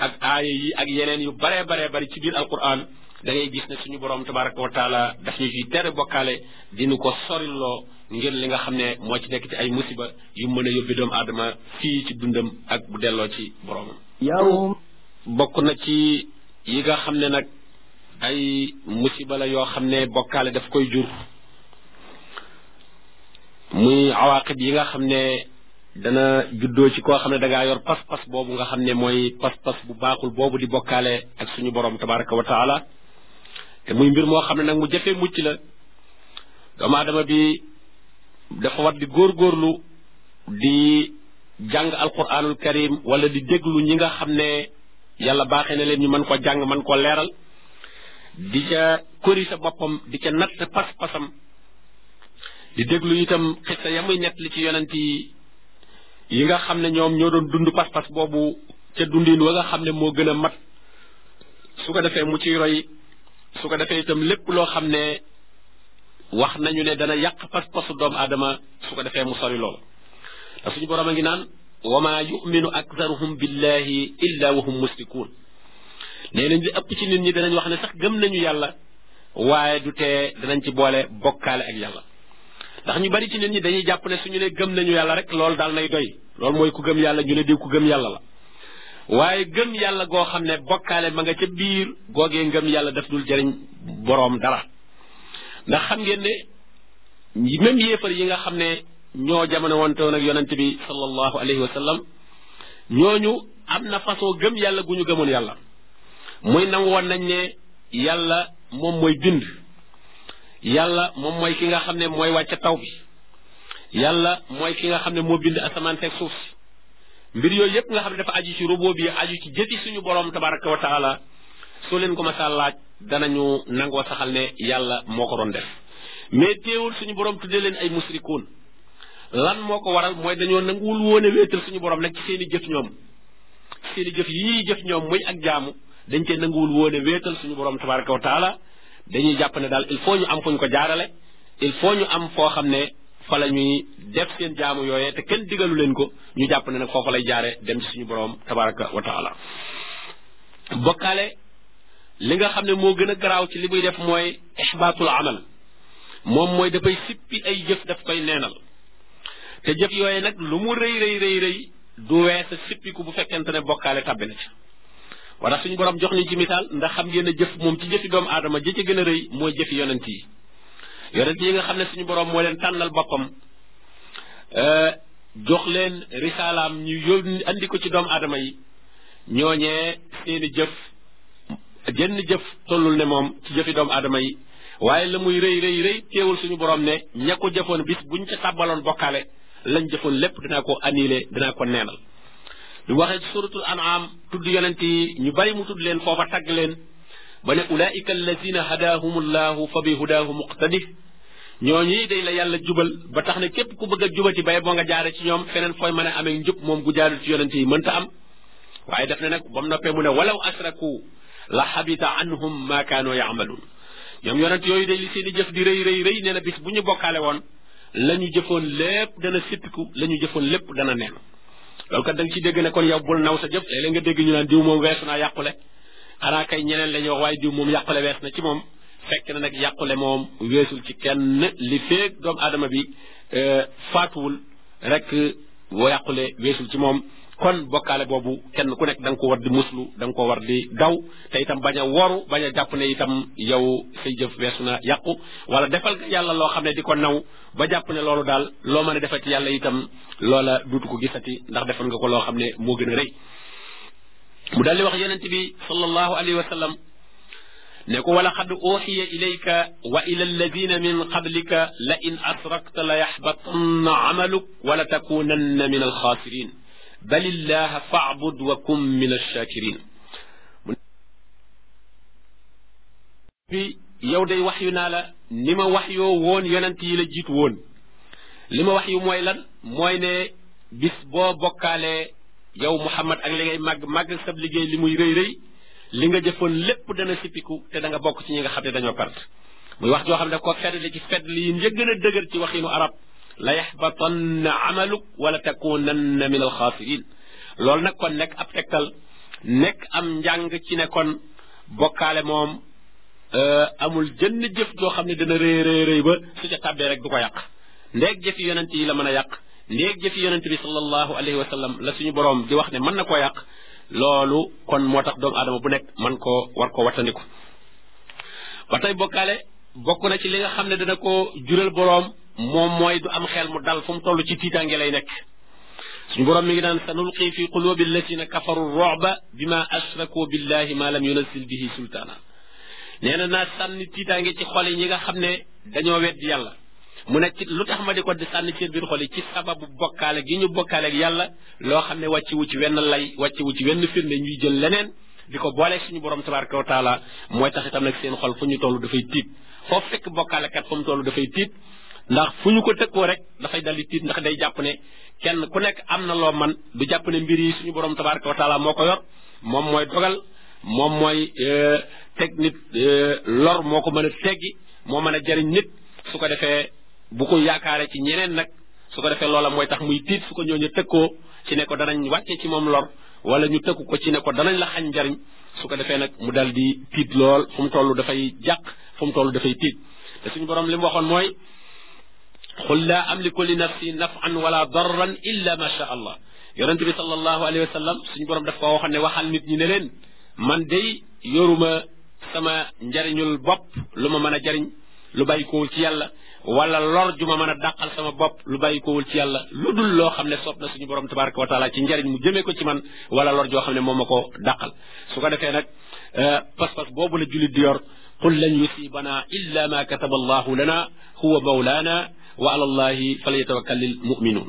ak aaya yi ak yeneen yu baree baree bari ci biir alquran da dangay gis ne suñu borom tabaraka wa taala daf ñu ciy tere bokkaale dinu ko soriloo ngir li nga xam ne moo ci nekk ci ay musiba yu mën a yóbbi doomu aadama fii ci dundam ak bu delloo ci boromam yow bokk na ci yi nga xam ne nag ay musiba la yoo xam ne bokkaale daf koy jur muy awaqib yi nga xam ne dana juddoo ci koo xam ne da ngaa yor pas-pas boobu nga xam ne mooy pas-pas bu baaxul boobu di bokkaale ak suñu borom tabaraka wa taala te muy mbir moo xam ne nag mu jëfee mucc la doomu aadama bi dafa war di góorgóorlu di jàng alquranul karim wala di déglu ñi nga xam ne yàlla baaxe na leen ñu mën ko jàng mën ko leeral di ca kori sa boppam di ca natt pas-pasam di déglu itam xista ya muy nett li ci yonent yi nga xam ne ñoom ñoo doon dund pas-pas boobu ca dundin wa nga xam ne moo gën a mat su ko defee mu ciy roy su ko defee itam lépp loo xam ne wax nañu ne dana yàq pas-pasu doom aadama su ko defee mu sori lool te suñu borom a ngi naan wa maa yuminu aktaruhum billahi illa wahum musrikuun nee nañ di ëpp ci nit ñi danañ wax ne sax gëm nañu yàlla waaye du tee danañ ci boole bokkaale ak yàlla ndax ñu bari ci nit ñi dañuy jàpp ne ñu ne gëm nañu yàlla rek loolu daal nay doy loolu mooy ku gëm yàlla ñu ne diw ku gëm yàlla la yàlla goo xam ne bokkaale ma nga ca biir googee ngëm yàlla daf dul jëriñ boroom dara ndax xam ngeen ne même yéefar yi nga xam ne ñoo jamono wante woon ak yonente bi sallallahu alayhi wa sallam ñooñu am na façon gëm yàlla gu ñu gëmoon yàlla muy nangu woon nañ ne yàlla moom mooy bind yàlla moom mooy ki nga xam ne mooy wàcce taw bi yàlla mooy ki nga xam ne moo bind asamaan teg suuf si mbir yooyu yëpp nga xam ne dafa aju ci robot bi aju ci jëfi suñu borom tabaraka wa taala soo leen ko masaa laaj danañu nangoo saxal ne yàlla moo ko doon def mais teewul suñu borom tuddee leen ay musrikuun lan moo ko waral mooy dañoo nanguwul woon suñu borom nag ci seen i jëf ñoom seen jëf yi ñuy jëf ñoom muy ak jaamu dañ cee nanguwul woon a wéetal suñu borom tabaraka wa taala dañuy jàpp ne daal il faut ñu am fu ñu ko jaarale il faut ñu am foo xam ne fa la ñuy def seen jaamu yooyee te kenn digalu leen ko ñu jàpp ne nag foofa lay jaare dem ci suñu boroom tabaraka wa taala bokkaale li nga xam ne moo gën a garaaw ci li muy def mooy ixbaatul amal moom mooy dafay sippi ay jëf daf koy neenal te jëf yooyu nag lu mu rëy rëy rëy rëy du weesa sippiku bu fekkent ne bokkaale tabbi na wala suñu borom jox ñu ci misaal ndax xam ngeen jëf moom ci jëfi doomu aadama ji ci gën rëy mooy jëfi yonent yi yonent yi nga xam ne suñu borom moo leen tànnal boppam euh, jox leen risaalaam ñu yóbbu ko ci doomu aadama yi ñooñee seeni jëf jenn jëf tollul ne moom ci jëfi doomu aadama yi waaye la muy rëy rëy rëy teewul suñu borom ne ña ko jëfoon bis buñ ca tàbbaloon bokkaale lañ jëfoon lépp dinaa ko annulé dinaa ko neenal ñu waxee ci suratul an'am tudd yonent yi ñu bari mu tudd leen foofa tagg leen ba ne ulaika allazina hadahumullahu fa bi hudahu muqtadi ñooñu day la yàlla jubal ba tax ne képp ku bëgg a jubati ba boo nga jaare ci ñoom feneen fooy mën a amee njub moom gu jaarul ci yonent yi mënta am waaye def na nag ba mu noppee mu ne walaw asraku la xabita anhum ma kaanu yaamaluun ñoom yonent yooyu day li seeni jëf di rëy rëy rëy nee na bis bu ñu bokkaale woon la ñu jëfoon lépp dana sippiku la ñu jëfoon lépp dana neen loolu kat da nga ci dégg ne kon yow bul naw sa jëf léeg-léeg nga dégg ñu naan diw moom weesu naa yàqule xanaa kay ñeneen la ñuy wax waaye diw moom yàqule wees na ci moom fekk nag yàqule moom weesul ci kenn li feeg doomu aadama bi euh, faatuwul rek yàqule weesul ci moom kon bokkaale boobu kenn ku nekk danga ko war di muslu danga nga ko war di daw te itam bañ woru bañ a jàpp ne itam yow say jëf weesu na yàqu wala defal yàlla loo xam ne di ko naw ba jàpp ne loolu daal loo mën a defati yàlla itam loola duutu ko gisati ndax defal nga ko loo xam ne moo gën a rëy mu daldi wax yonent bi sallallahu alayhi wa sallam ne ko wala xad uuxiya bi wa ila alladina min qablika la in asrakta la yaxbatanna amaluk wala takunanna min alxaasirin bal illaha faabud wa kun bi yow day wax yu naa la ni ma wax yoo woon yonent yi la jiitu woon li ma wax yu mooy lan mooy ne bis boo bokkaalee yow Muhammad ak li ngay màgg màgg sab liggéey li muy rëy rëy li nga jëfoon lépp dana sippiku te da nga bokk ci ñi nga xam ne dañoo perte muy wax joo xam ne ko feddli ci feddli yi njëgg a dëgër ci waxinu arab la yaxbatanna amaluk wala takunanna min alxaasirin loolu nag kon nekk ab tegtal nekk am njàng ci ne bokkaale moom Euh, amul jënn jëf joo xam ne dana rëy rëy rëy ba su ca tàbbee rek du ko yàq ndeeg jëfi yonent yi la mën a yàq ndeeg jëfi yonent bi sallallahu alayhi wa sallam la suñu borom di wax ne man na koo yàq loolu kon moo tax doomu aadama bu nekk man koo war ko wattandiku ba tey bokkaale bokk na ci li nga xam ne dana ko jural boroom moom mooy du am xel mu dal fu mu toll ci tiitaange lay nekk suñu boroom mi ngi naan sanulqi fi qulubi alladina kafaru roba bima ashraku billahi ma lam yunazil bihi nee na naa sànni tiitaange ci xol yi ñi nga xam ne dañoo weddi yàlla mu ne ci lu tax ma di ko di sànni seen biir xol yi ci sababu bokkaale gi ñu bokkaale yàlla loo xam ne wàcce wu ci wenn lay wàcce wu ci wenn firnde ñuy jël leneen di ko boole suñu borom tabaraka wa taala mooy tax itam nag seen xol fu ñu toll dafay tiit foofu fekk bokkaalekat fu mu toll dafay tiit ndax fu ñu ko tëkkoo rek dafay dal yi tiit ndax day jàpp ne kenn ku nekk am na loo man du jàpp mbir yi suñu borom tabaraka wa moo ko yor moom mooy dogal moom mooy euh, teg nit euh, lor moo ko mën a teggi moo mën a jariñ nit su ko defee bu ko yaakaaree ci ñeneen nag su ko defee loola mooy tax muy tiit su ko ñooñu tëkkoo ci ne ko danañ wàcce ci moom lor wala ñu tëkku ko ci ne ko danañ la xañ njariñ su ko defee nag mu dal di tiit lool fu mu toll dafay jàq fu mu toll dafay tiit te suñu borom li mu waxoon mooy qul laa amliku li nafsi nafan wala darran illa ma sha allah yonente bi sallallahu alayhi wa sallam suñu borom daf ko waxoon ne waxal nit ñi ne leen man day yoruma sama njariñul bopp lu ma mën a jariñ lu bàyyikoowul ci yàlla wala lor ju ma mën a dàqal sama bopp lu bàyyikoowul ci yàlla lu dul loo xam ne soob na suñu borom tabaraka wa taala ci njariñ mu jëmee ko ci man wala lor joo xam ne moom ma ko dàqal su ko defee nag euh, pas-pas boobu la jullit di yor qul lan yusibana illa ma kataba allahu lana huwa mawlana wa alallahi falyatawakkalil mu'minun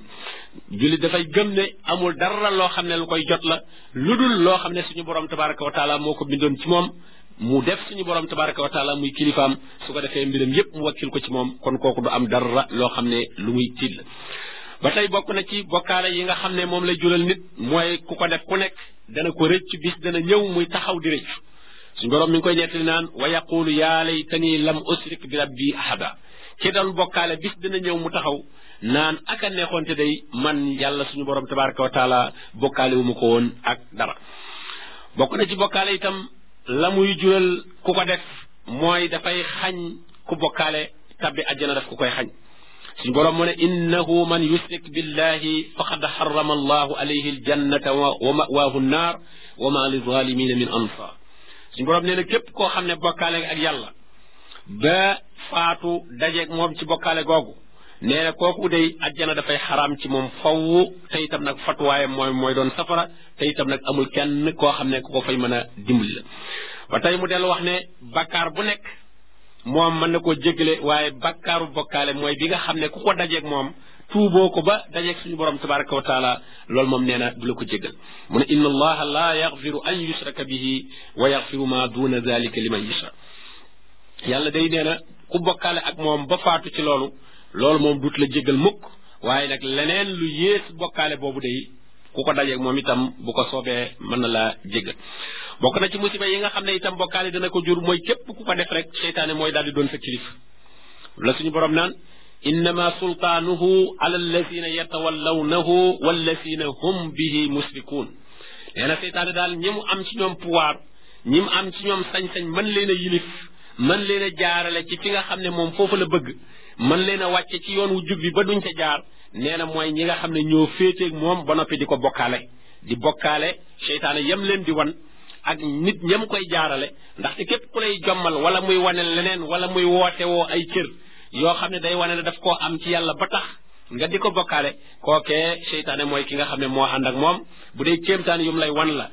jullit dafay gëm ne amul dara loo xam ne lu koy jot la lu dul loo xam ne suñu borom tabaraka wa taala moo ko bindoon ci moom mu def suñu borom tabaraka wa taala muy kilifaam su ko defee mbiram yépp mu wakkil ko ci moom kon kooku du am dara loo xam ne lu muy tiit la ba tey bokk na ci bokkaale yi nga xam ne moom lay jural nit mooy ku ko def ku nekk dana ko rëcc bis dana ñëw muy taxaw di rëccu suñu borom mi ngi koy nettali naan wa yaqulu yaa laytani lam usrik bi rabbi ahada ci doon bokkaale bis dina ñëw mu taxaw naan ak a neexoonte day man yàlla suñu borom tabaraka wa taala bokkaale wu ma ko woon ak dara bokk ci bokkaale itam la muy jural ku ko def mooy dafay xañ ku bokkaale tabbi àjjana def ku koy xañ suñu boroom mu ne innahu man yushrik billahi faqad xarama allahu alayhi aljannata wa mawaahu nnaar wa ma lizalimina min ansar suñu boroom nee képp koo xam ne bokkaale ak yàlla ba faatu dajeeg moom ci bokkaale googu nee na kooku day ajjana dafay xaraam ci moom faww te itam nag fatuwaayam mooy mooy doon safara te itam nag amul kenn koo xam ne ku ko fay mën a dimbali la ba tey mu dellu wax ne bakkaar bu nekk moom mën na koo jéggale waaye bakkaaru bokkaale mooy bi nga xam ne ku ko dajeeg moom tuuboo ko ba dajeeg suñu borom tabaraka wa taala loolu moom nee na du la ko jéggal mu ne inna allaha la yaxfiru an yushraka bihi wa yaxfiru ma duna dalika ku bokkaale ak moom ba faatu ci loolu loolu moom duut la jéggal mukk waaye nag leneen lu yées bokkaale boobu day ku ko dajeeg moom itam bu ko soobee mën na laa jéggal bokk na ci musiba yi nga xam ne itam bokkaale dana ko jur mooy képp ku ko def rek seytaane mooy daal di doon sa kilif la suñu borom naan innama sultaanuhu ala allazina yatawallawnahu wallazina hum bihi musrikuun nee na seytaane daal ñi mu am ci ñoom pouvoir ñi mu am ci ñoom sañ-sañ mën leen a mën leen a jaarale ci fi nga xam ne moom foofu la bëgg mën leen a wàcce ci yoon wu jub bi ba duñ ca jaar nee na mooy ñi nga xam ne ñoo féeteeg moom ba noppi di ko bokkaale di bokkaale seytaane yam leen di wan ak nit ñam koy jaarale ndaxte képp ku lay jommal wala muy wane leneen wala muy woote woo ay cër yoo xam ne day wane ne daf ko am ci yàlla ba tax nga di ko bokkaale kookee seytaane mooy ki nga xam ne moo ànd ak moom bu dee kéemtaan yum lay wan la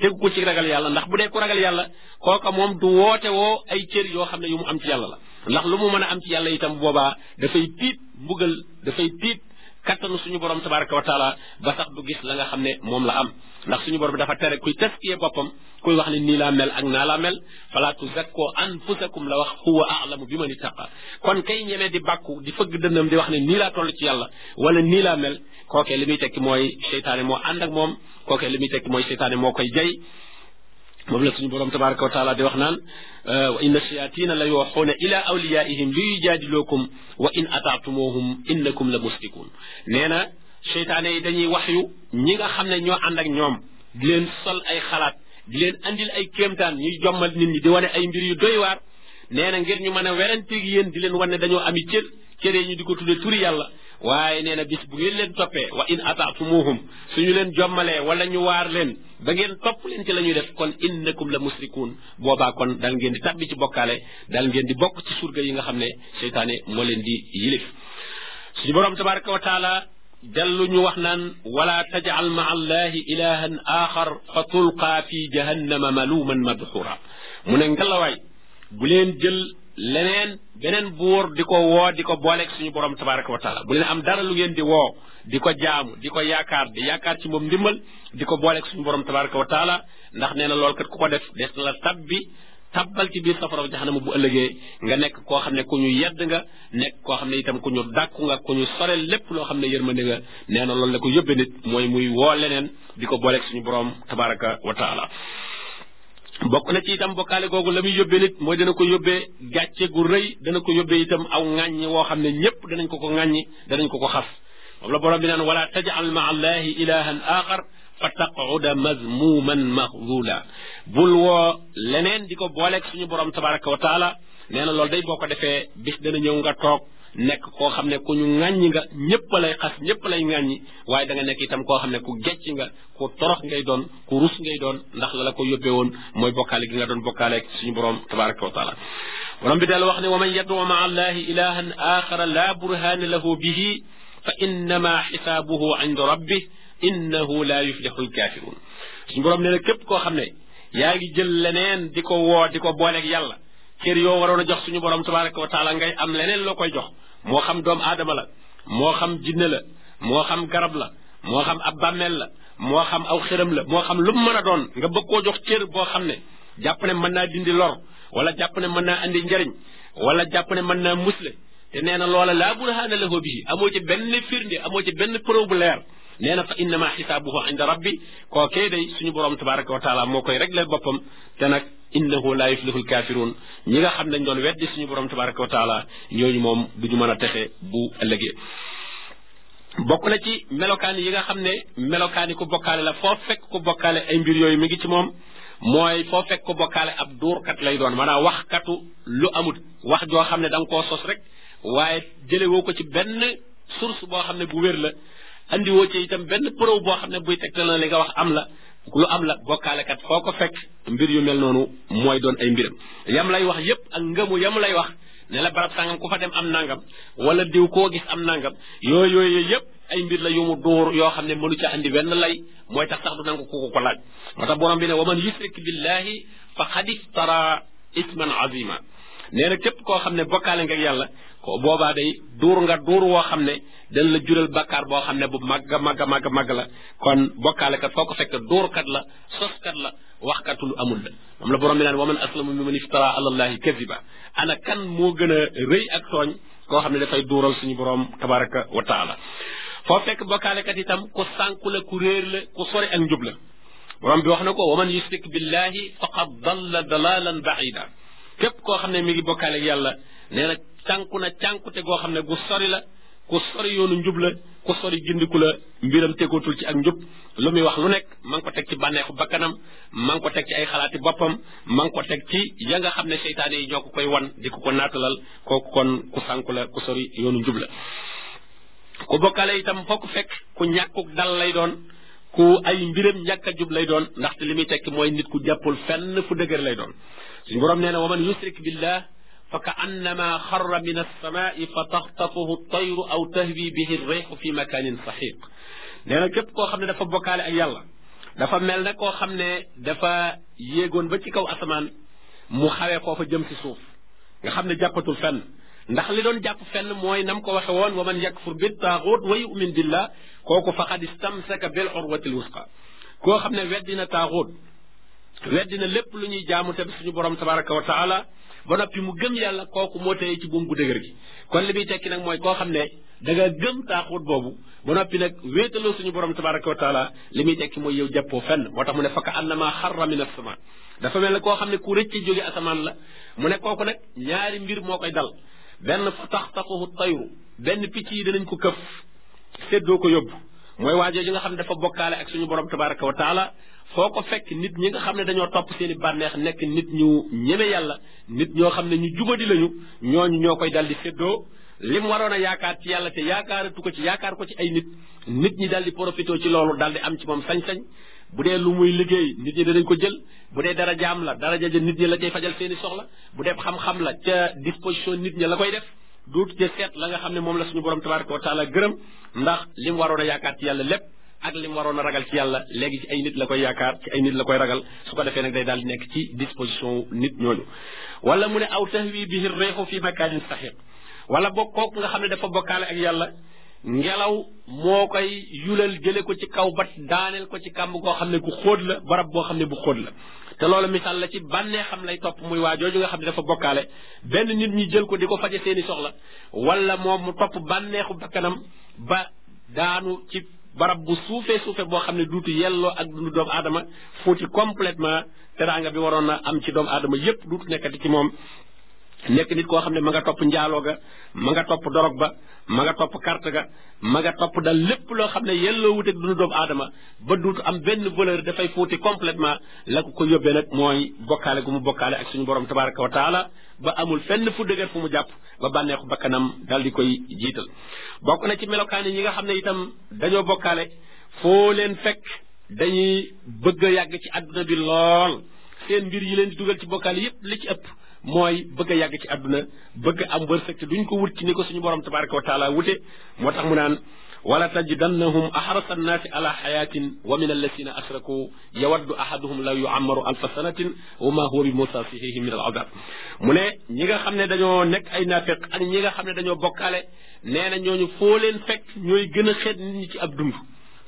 tegu ko ci ragal yàlla ndax bu dee ko ragal yàlla kooka moom du woote woo ay cër yoo xam ne yu mu am ci yàlla la ndax lu mu mën a am ci yàlla itam boobaa dafay tiit mbugal dafay tiit kattanu suñu borom tabaraka wa taala ba sax du gis la nga xam ne moom la am ndax suñu borom dafa tere kuy taskiye boppam kuy wax ne nii laa mel ak naa laa mel fala tuzakkoo anfusakum la wax huwa a'lamu bi ma man ittaqa kon kay ñemee di bàkku di fëgg dënnam di wax ne nii laa toll ci yàlla wala nii laa mel kookee li muy tekki mooy seytaane moo ànd ak moom kookee li muy tekki mooy seytaane moo koy jay moom la suñu borom tabaraka wa taala di wax naan wa inna shayatina la yooxuuna ila awliyaihim li yujaadilookum wa in ataatumuhum innakum la musrikun nee na seytaane yi dañuy wax yu ñi nga xam ne ñoo ànd ak ñoom di leen sol ay xalaat di leen indil ay kéemtaan ñuy jommal nit ñi di wane ay mbir yu doy waar nee na ngir ñu mën a weranteeg yéen di leen wane dañoo ami cër cëree ñu di ko tudde turi yàlla waaye nee na bis bu ngeen leen toppee wa in ataatumuhum ñu leen jommalee wala ñu waar leen ba ngeen topp leen ci la ñuy def kon innakum la musrikuun boobaa kon dal ngeen di tabbi ci bokkaale dal ngeen di bokk ci surga yi nga xam ne seytaane moo leen di yilif suñu boroom tabaraka wa taala dellu ñu wax naan wala tajal maa allahi ilahan axar fa tulqaa fi jahannama maluman madxura mu ne ngelawaay bu leen jël leneen beneen buur di ko woo di ko booleeg suñu borom tabaraka wa taala bu leen am dara lu ngeen di woo di ko jaamu di ko yaakaar di yaakaar ci moom ndimbal di ko booleeg suñu borom tabaraka wa taala ndax nee na loolu kat ku ko def des na la tabbi tabbal ci biir safara jaxanama bu ëllëgee nga nekk koo xam ne ku ñu yedd nga nekk koo xam ne itam ku ñu dàkku nga ku ñu sore lépp loo xam ne yërmande nga nee na loolu la ko yóbbe nit mooy muy woo leneen di ko booleeg suñu borom tabaraka bokk na ci itam bokkaale googu la muy yóbbee nit mooy dana ko yóbbee gàcce gu rëy dana ko yóbbe itam aw ŋàññ woo xam ne ñépp danañ ko ko ŋàññi danañ ko ko xas moom la borom bi naan wala tajal maa allahi ilahan axar fa taquda mazmuman mahzula bul woo leneen di ko booleek suñu borom tabaraka wa taala nee na loolu day boo ko defee bis dana ñëw nga toog nekk koo xam ne ku ñu ŋàññi nga ñëpp lay xas ñëpp lay ŋàññi waaye da nga nekk tam koo xam ne ku gecc nga ku torox ngay doon ku rus ngay doon ndax la la ko yóbbee woon mooy bokkaale gi nga doon bokkaale suñu borom tabaraka wa taala borom bi dellu wax ne wa man yad'u ma'a allahi ilahan axara la burhana lahu bihi fa innama xisaabuhu inda rabbih innahu la yuflihu alkafirun suñu borom nee na képp koo xam ne yaa ngi jël leneen di ko woo di ko booleeg yàlla cër yoo waroon a jox suñu borom tabaraka wa taala ngay am leneen loo koy jox moo xam doomu aadama la moo xam jinne la moo xam garab la moo xam ab bàmmeel la moo xam aw xëram la moo xam lu mu mën a doon nga bëgg koo jox cër boo xam ne jàpp ne mën naa dindi lor wala jàpp ne mën naa indi njariñ wala jàpp ne mën naa la te nee na loola laa la lahu bihi amoo ci benn firnde amoo ci benn preuve bu leer nee na fa innama xisaabuhu inda rabbi kookee day suñu borom tabaraka moo koy réglé boppam te nag laa la yuflihul kaafiruun ñi nga xam ne doon weddi suñu borom tabaraka wa taala ñooñu moom bu ñu mën a texe bu ëllëgee bokk na ci melokaan yi nga xam ne melokaan yi ku bokkaale la foo fekk ku bokkaale ay mbir yooyu mi ngi ci moom mooy foo fekk ku bokkaale ab duurkat lay doon maanaam waxkatu lu amut wax joo xam ne da nga koo sos rek waaye jële woo ko ci benn source boo xam ne bu wér la andi woo ci itam benn preuve boo xam ne buy tegtal na li nga wax am la lu am la bokkaalekat foo ko fekk mbir yu mel noonu mooy doon ay mbiram yam lay wax yépp ak ngëmu yam lay wax ne la barab sàngam ku fa dem am nangam wala diw koo gis am nangam yooyu yooyu yépp ay mbir la yu mu dóor yoo xam ne mënu ca andi wenn lay mooy tax sax du nangu ku ko laaj moo tax borom bi ne wa man yushrik billahi faqad iftara isman azima nee na képp koo xam ne bokkaale nga yàlla ko boobaa day duur nga duur woo xam ne dañ la jural bakaar boo xam ne bu màgg a màgg a màgg la kon bokkaale kat foo ko fekk duurkat la soskat la waxkat lu amul la moom la borom bi naan waman aslamu mimman iftara alallahi kadiba ana kan moo gën a rëy ak tooñ koo xam ne dafay duural suñu borom tabaraka wa taala foo fekk bokkaalekat itam ku sànku la ku réer la ku sori ak njub la borom bi wax na ko waman yushrik billahi faqad dalla dalalan képp koo xam ne mi ngi bokkaale ak yàlla nee na cànku na cànkute goo xam ne gu sori la ku sori yoonu njub la ku sori gindiku la mbiram tegootul ci ak njub lu muy wax lu nekk ma ngi ko teg ci bànneexu bakkanam ma ngi ko teg ci ay xalaati boppam ma ngi ko teg ci ya nga xam ne seytaane yi ñoo ko koy wan di ko ko naatalal kooku kon ku sànku la ku sori yoonu njub la ku bokkaale itam fokk fekk ku ñàkkuk dal lay doon ku ay mbiram ñàkk a jub lay doon ndaxte li muy tekki mooy nit ku jàppul fenn fu dëgër lay doon suñu borom nee na wa man yusrik billah fa ka annama xarra min alsamaai fa taxtafuhu tayru aw tahwi bihi reyxu fi makanin saxiq nee na képp koo xam ne dafa bokkaale ak yàlla dafa mel na koo xam ne dafa yéegoon ba ci kaw asamaan mu xawee foofa jëm si suuf nga xam ne jàppatul fenn ndax li doon jàpp fenn mooy nam ko waxe woon wa man yakfur bi taaxut wa yumin billah kooku faqad istamsaka bil urwatil wusqa koo xam ne weddina taaxut weddina lépp lu ñuy jaamu te suñu borom tabaraka wa taala ba noppi mu gëm yàlla kooku moo tey ci buum bu dëgër gi kon li muy tekki nag mooy koo xam ne da nga gëm taaxut boobu ba noppi nag wéetaloo suñu borom tabaraka wa taala li muy tekki mooy yow jàppoo fenn moo tax mu ne fakka annama xarra min assamaan dafa mel ne koo xam ne ku rëcc jóge asamaan la mu ne kooku nag ñaari mbir moo koy dal benn tax taxtaquhu tayru benn picc yi danañ ko këf séddoo ko yóbbu mooy waajoo ji nga xam ne dafa bokkaale ak suñu borom tabaraka wa taala foo ko fekk nit ñi nga xam ne dañoo topp seen i bànneex nekk nit ñu ñeme yàlla nit ñoo xam ne ñu jubadi lañu ñooñu ñoo koy dal di séddoo li mu waroon a yaakaar ci yàlla te yaakaaratu ko ci yaakaar ko ci ay nit nit ñi dal di profité ci loolu dal di am ci moom sañ-sañ bu dee lu muy liggéey nit ñi danañ ko jël bu dee dara jaam la dara ja nit ñi la cay fajal seeni soxla bu dee xam-xam la ca disposition nit ñi la koy def duut ca seet la nga xam ne moom la suñu borom tabaraka taal a gërëm ndax li mu waroon a yaakaar ci yàlla lépp ak li mu waroon a ragal ci yàlla léegi ci ay nit la koy yaakaar ci ay nit la koy ragal su ko defee nag day daal di nekk ci disposition nit ñooñu wala mu ne aw tahwi bihi réexu fi makaanin saxiq wala boog kooku nga xam ne dafa bokkaale ak yàlla ngelaw moo koy yulal jële ko ci kaw bat daaneel ko ci kàmb goo xam ne ku xóot la barab boo xam ne bu xóot la te loolu misaal la ci bànnee xam lay topp muy waa jooju nga xam ne dafa bokkaale benn nit ñi jël ko di ko faje seeni soxla wala moom mu topp bànneexu bakkanam ba daanu ci barab bu suufee suufee boo xam ne duutu yelloo ak dundu doomu aadama fuuti complètement teraanga bi waroon na am ci doomu aadama yépp duutu nekkati ci moom nekk nit koo xam ne ma nga topp njaaloo ga ma nga topp dorog ba ma nga topp carte ga ma nga topp daal lépp loo xam ne yelloo wuteeg dundu doomu aadama ba duut am benn valeur dafay fuuti complètement la ko ko yóbbee nag mooy bokkaale gu mu bokkaale ak suñu borom tabaraka wa taala ba amul fenn fu dëgër fu mu jàpp ba bànneexu bakkanam daal di koy jiital bokk na ci melokaani yi nga xam ne itam dañoo bokkaale foo leen fekk dañuy bëgg yàgg ci àdduna bi lool seen mbir yi leen dugal ci bokkaale yépp li ci ëpp mooy bëgg a yàgg ci àdduna bëgg am wërsëg te duñ ko wut ci ni ko suñu borom tabaraka wa taala wute moo tax mu naan wala tajidannahum ahrasa annaasi ala xayatin wa min allasina ashraku yawaddu ahaduhum law yuammaru alfa sanatin wa ma huwa bi musafihihi min al azab mu ne ñi nga xam ne dañoo nekk ay naafeq ak ñi nga xam ne dañoo bokkaale nee na ñooñu foo leen fekk ñooy gën a xeet nit ñi ci ab dund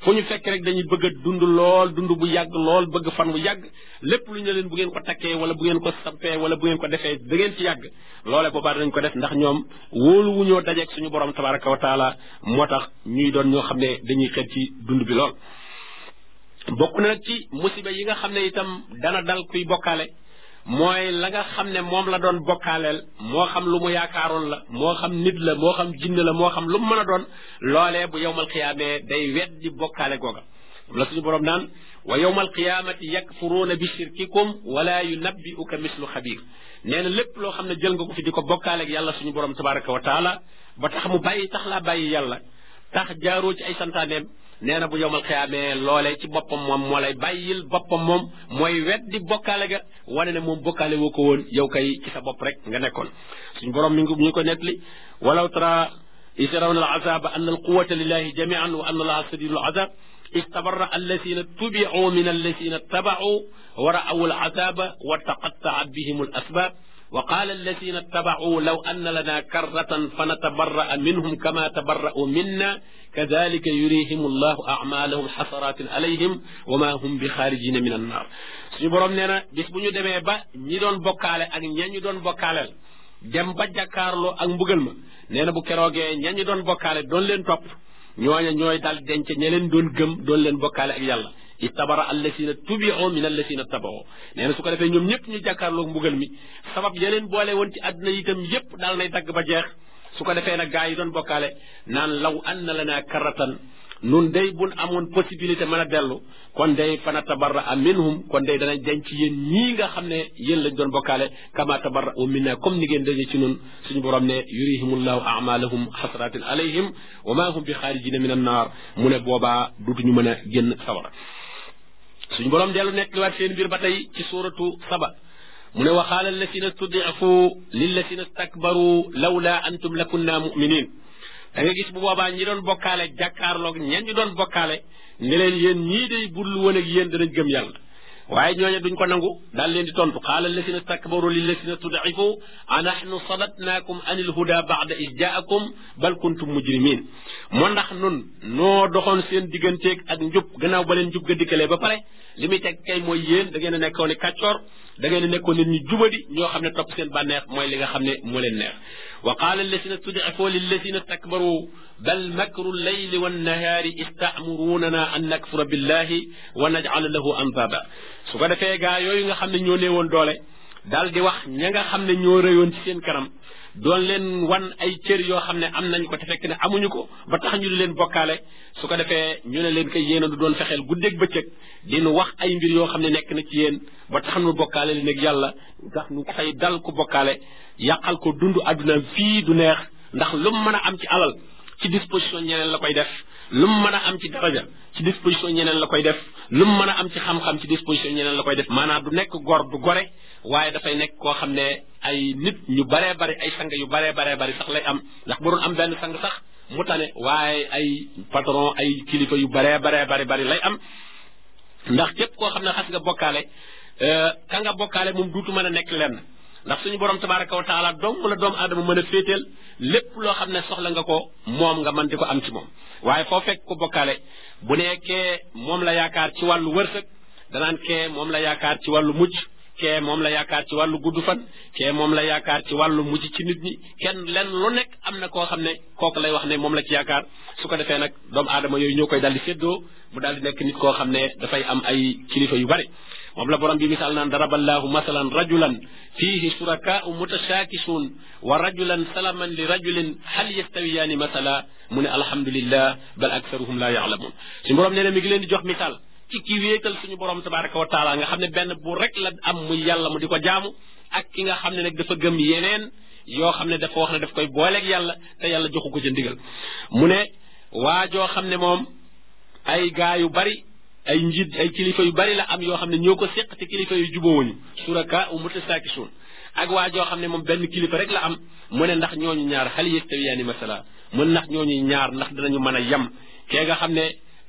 fu ñu fekk rek dañuy bëgg dund lool dund bu yàgg lool bëgg fan bu yàgg lépp lu ñu leen bu ngeen ko takkee wala bu ngeen ko sampee wala bu ngeen ko defee da ngeen ci yàgg loole boobaa danañ ko def ndax ñoom wóoluwu wu ñoo dajeeg suñu borom tabaraka wa moo tax ñuy doon ñoo xam ne dañuy xeet ci dund bi lool bokk na nag ci musiba yi nga xam ne itam dana dal kuy bokkaale mooy la nga xam ne moom la doon bokkaaleel moo xam lu mu yaakaaroon la moo xam nit la moo xam jinn la moo xam lu mu mën a doon loolee bu yowmal xiyaamee day weddi bokkaale googa la suñu boroom naan wa yowmal qiyaamati yakfuruuna bi shirkikum wala yunabbi'uka mislu xabiir nee na lépp loo xam ne jël nga ko fi di ko bokkaaleeg yàlla suñu borom tabaraka wa taala ba tax mu bàyyi tax laa bàyyi yàlla tax jaaroo ci ay santaaneem nee na bu yomal xiyaamee loolee ci boppam moom moo lay bàyyil boppam moom mooy weddi bokkaale ga wane ne moom bokkaale woo ko woon yow kay ci sa bopp rek nga nekkoon suñ borom mi ngi ñu ko nettali walaw tara is yarawna al azaba anna al quwata lillahi jamian wa anna allaha sadidul azab istabara allazina tubiu min allazina tabaau wa raaw al azaba wa taqattaa bihim al asbab wa qaala alladina tabacuu law anna lana karratan fa natabarra'a minhum kama tabarra'u minna kadalika yurihim allahu acmalahum xasaratin alayhim wa ma hum bi xaarijina min annaar suñu boroom nee na bis bu ñu demee ba ñi doon bokkaale ak ña ñu doon bokkaaleel dem ba jàkkaarloo ak mbugal ma nee na bu keroogee ña ñu doon bokkaale doon leen topp ñooña ñooy daal denc ña leen doon gëm doon leen bokkaale ak yàlla istabara allasina tubiu min allasina tabao nee na su ko defee ñoom ñëpp ñu jàkkaarloog mbugal mi sabab ya leen boole woon ci àdduna itam yépp daal nay dagg ba jeex su ko defee na gaa yi doon bokkaale naan law an na anna lana karratan nun day buñ amoon possibilité mën a dellu kon day fana tabarra minhum kon dey danañ denc ci yéen ñii nga xam ne yéen lañ doon bokkaale kama tabarra u minna comme ni ngeen daje ci nun suñu borom ne yurihimullahu amalahum xasratin alayhim wa ma hum bi xaarijina min a naar mu ne boobaa dutuñu mën a génn sawara suñu borom dellu nekk waat seen biir ba tey ci suratu saba mu ne wa qaala alladina stud'ifu lilladina stakbaru lawla antum lakunna muminin danga nga gis bu boobaa ñi doon bokkaale jàkkaarloog ñen ñu doon bokkaale ne leen yéen ñii day lu woon ak yéen danañ gëm yàlla waaye ñooñu duñ ko nangu daal leen di tontu qaala alladina stakbaru lilladina studifu anahnu sadatnaakum anil huda ba'da is jaakum bal kuntum mujrimin moo ndax nun noo doxoon seen digganteeg ak njub gannaaw ba leen njub ga dikkalee ba pare li muy teg kay mooy yéen da ngeen a nekkoon ni kàccoor da ngeen nekkoon nit ñu jubadi xam ne topp seen bànneex mooy li nga xam ne moo leen neex wa qaala alladina stud'afoo lilladina stakbaru bal makru llayli wannahaari istaamuruunana an nakfura billahi wa najala lahu andaada su ko defee gaa yooyu nga xam ne ñoo néewoon doole daal di wax ña nga xam ne ñoo rëyoon ci seen kanam doon leen wan ay cër yoo xam ne am nañu ko te fekk ne amuñu ko ba tax ñu di leen bokkaale su ko defee ñu ne leen kay yéen a du doon fexeel guddeeg bëccëg di nu wax ay mbir yoo xam ne nekk na ci yéen ba tax nu bokkaale li nekk yàlla tax nu fay dal ku bokkaale yàqal ko dund àdduna fii du neex ndax lu mu mën a am ci alal ci disposition ñeneen la koy def lu mu mën a am ci daraja ci disposition ñeneen la koy def lu mu mën a am ci xam-xam ci disposition ñeneen la koy def maanaa du nekk gor du gore waaye dafay nekk koo xam ne ay nit ñu baree bari ay sang yu baree baree bari sax lay am ndax bu am benn sang sax mu tane waaye ay patron ay kilifa yu baree baree bari bari lay am ndax képp koo xam ne xas nga bokkaale euh, ka nga bokkaale moom duutu mën a nekk lenn ndax suñu borom tabaraka wa taala dong la doomu aadama mën a féeteel lépp loo xam ne soxla nga ko moom nga man di ko am ci moom waaye foo fekk ko bokkaale bu nekkee moom la yaakaar ci wàllu wërsëg danaan moom la yaakaar ci wàllu mucc kee moom la yaakaar ci wàllu gudd fan kee moom la yaakaar ci wàllu mujj ci nit ñi kenn lenn lu nekk am na koo xam ne kooku lay wax ne moom la ci yaakaar su ko defee nag doomu aadama yooyu ñoo koy di séddoo mu daldi nekk nit koo xam ne dafay am ay kilifa yu bari moom la borom bi misaal naan daraballaahu masalan rajulan fiihi shurakaau mutashaakisuun wa rajulan salaman li rajulin hal yastawiyaani masala mu ne alhamdulillah bal aksaruhum laa yaalamuun suñu borom nee na mi ngi leen di jox misaal ci ki wéetal suñu borom tabaraka wa taala nga xam ne benn bu rek la am mu yàlla mu di ko jaamu ak ki nga xam ne nag dafa gëm yeneen yoo xam ne dafa wax ne daf koy booleeg yàlla te yàlla joxu ko ca ndigal mu ne waa joo xam ne moom ay yu bari ay njiit ay kilifa yu bari la am yoo xam ne ñoo ko séq te kilifa yu jubóowuñu suraka u mutasakishun ak waa joo xam ne moom benn kilifa rek la am mu ne ndax ñoo ñooñu ñaar hal yastawiyaani masala mu ne ñoo ñu ñaar ndax ñu mën a yem kee nga xam ne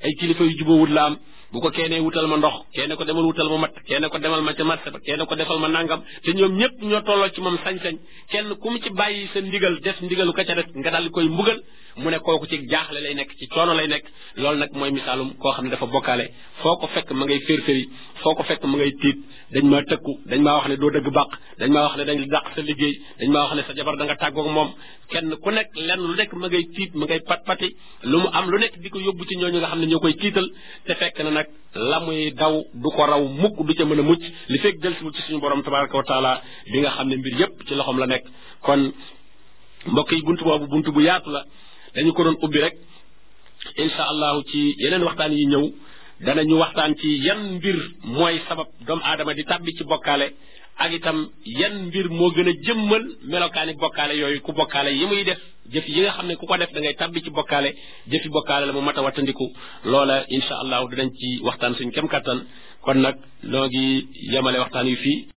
ay kilifa yu jubóowut la am bu ko kenee wutal ma ndox kenn ko demal wutal ma mat kenn ko demal ma ca marché kenn ko defal ma nangam te ñoom ñëpp ñoo tolloo ci moom sañ-sañ kenn ku ci bàyyi sa ndigal def ndigalu ka ca def nga koy mbugal mu ne kooku ci jaaxle lay nekk ci coono lay nekk loolu nag mooy misaalum koo xam ne dafa bokkaale foo ko fekk ma ngay fér-féri foo ko fekk ma ngay tiit dañ ma tëkku dañ maa wax ne doo dëgg bàq dañ ma wax ne dañ dàq sa liggéey dañ maa wax ne sa jabar da nga moom kenn ku nekk lenn lu nekk ma ngay tiit ma ngay pat pati lu mu am lu nekk di ko yóbbu ci ñooñu nga xam ne ñoo koy tiital te fekk na nag la muy daw du ko raw mukk du ca mën a mucc li fekk delsiwul suñu borom tabaraka wa taala bi nga xam ne mbir yépp ci loxom la nekk kon mbokk yi buntu boobu buntu bu yaatu la dañu ko doon ubbi rek incha allahu ci yeneen waxtaan yi ñëw ñu waxtaan ci yan mbir mooy sabab doomu aadama di tàbbi ci bokkaale ak itam yan mbir moo gën a jëmmal melokaani bokkaale yooyu ku bokkaale yi muy def jëf yi nga xam ne ku ko def da ngay tàbbi ci bokkaale jëfi bokkaale la mu mat a wattandiku loola incha allahu dinañ ci waxtaan suñ kem kàttan kon nag noo ngi yemale waxtaan yu fii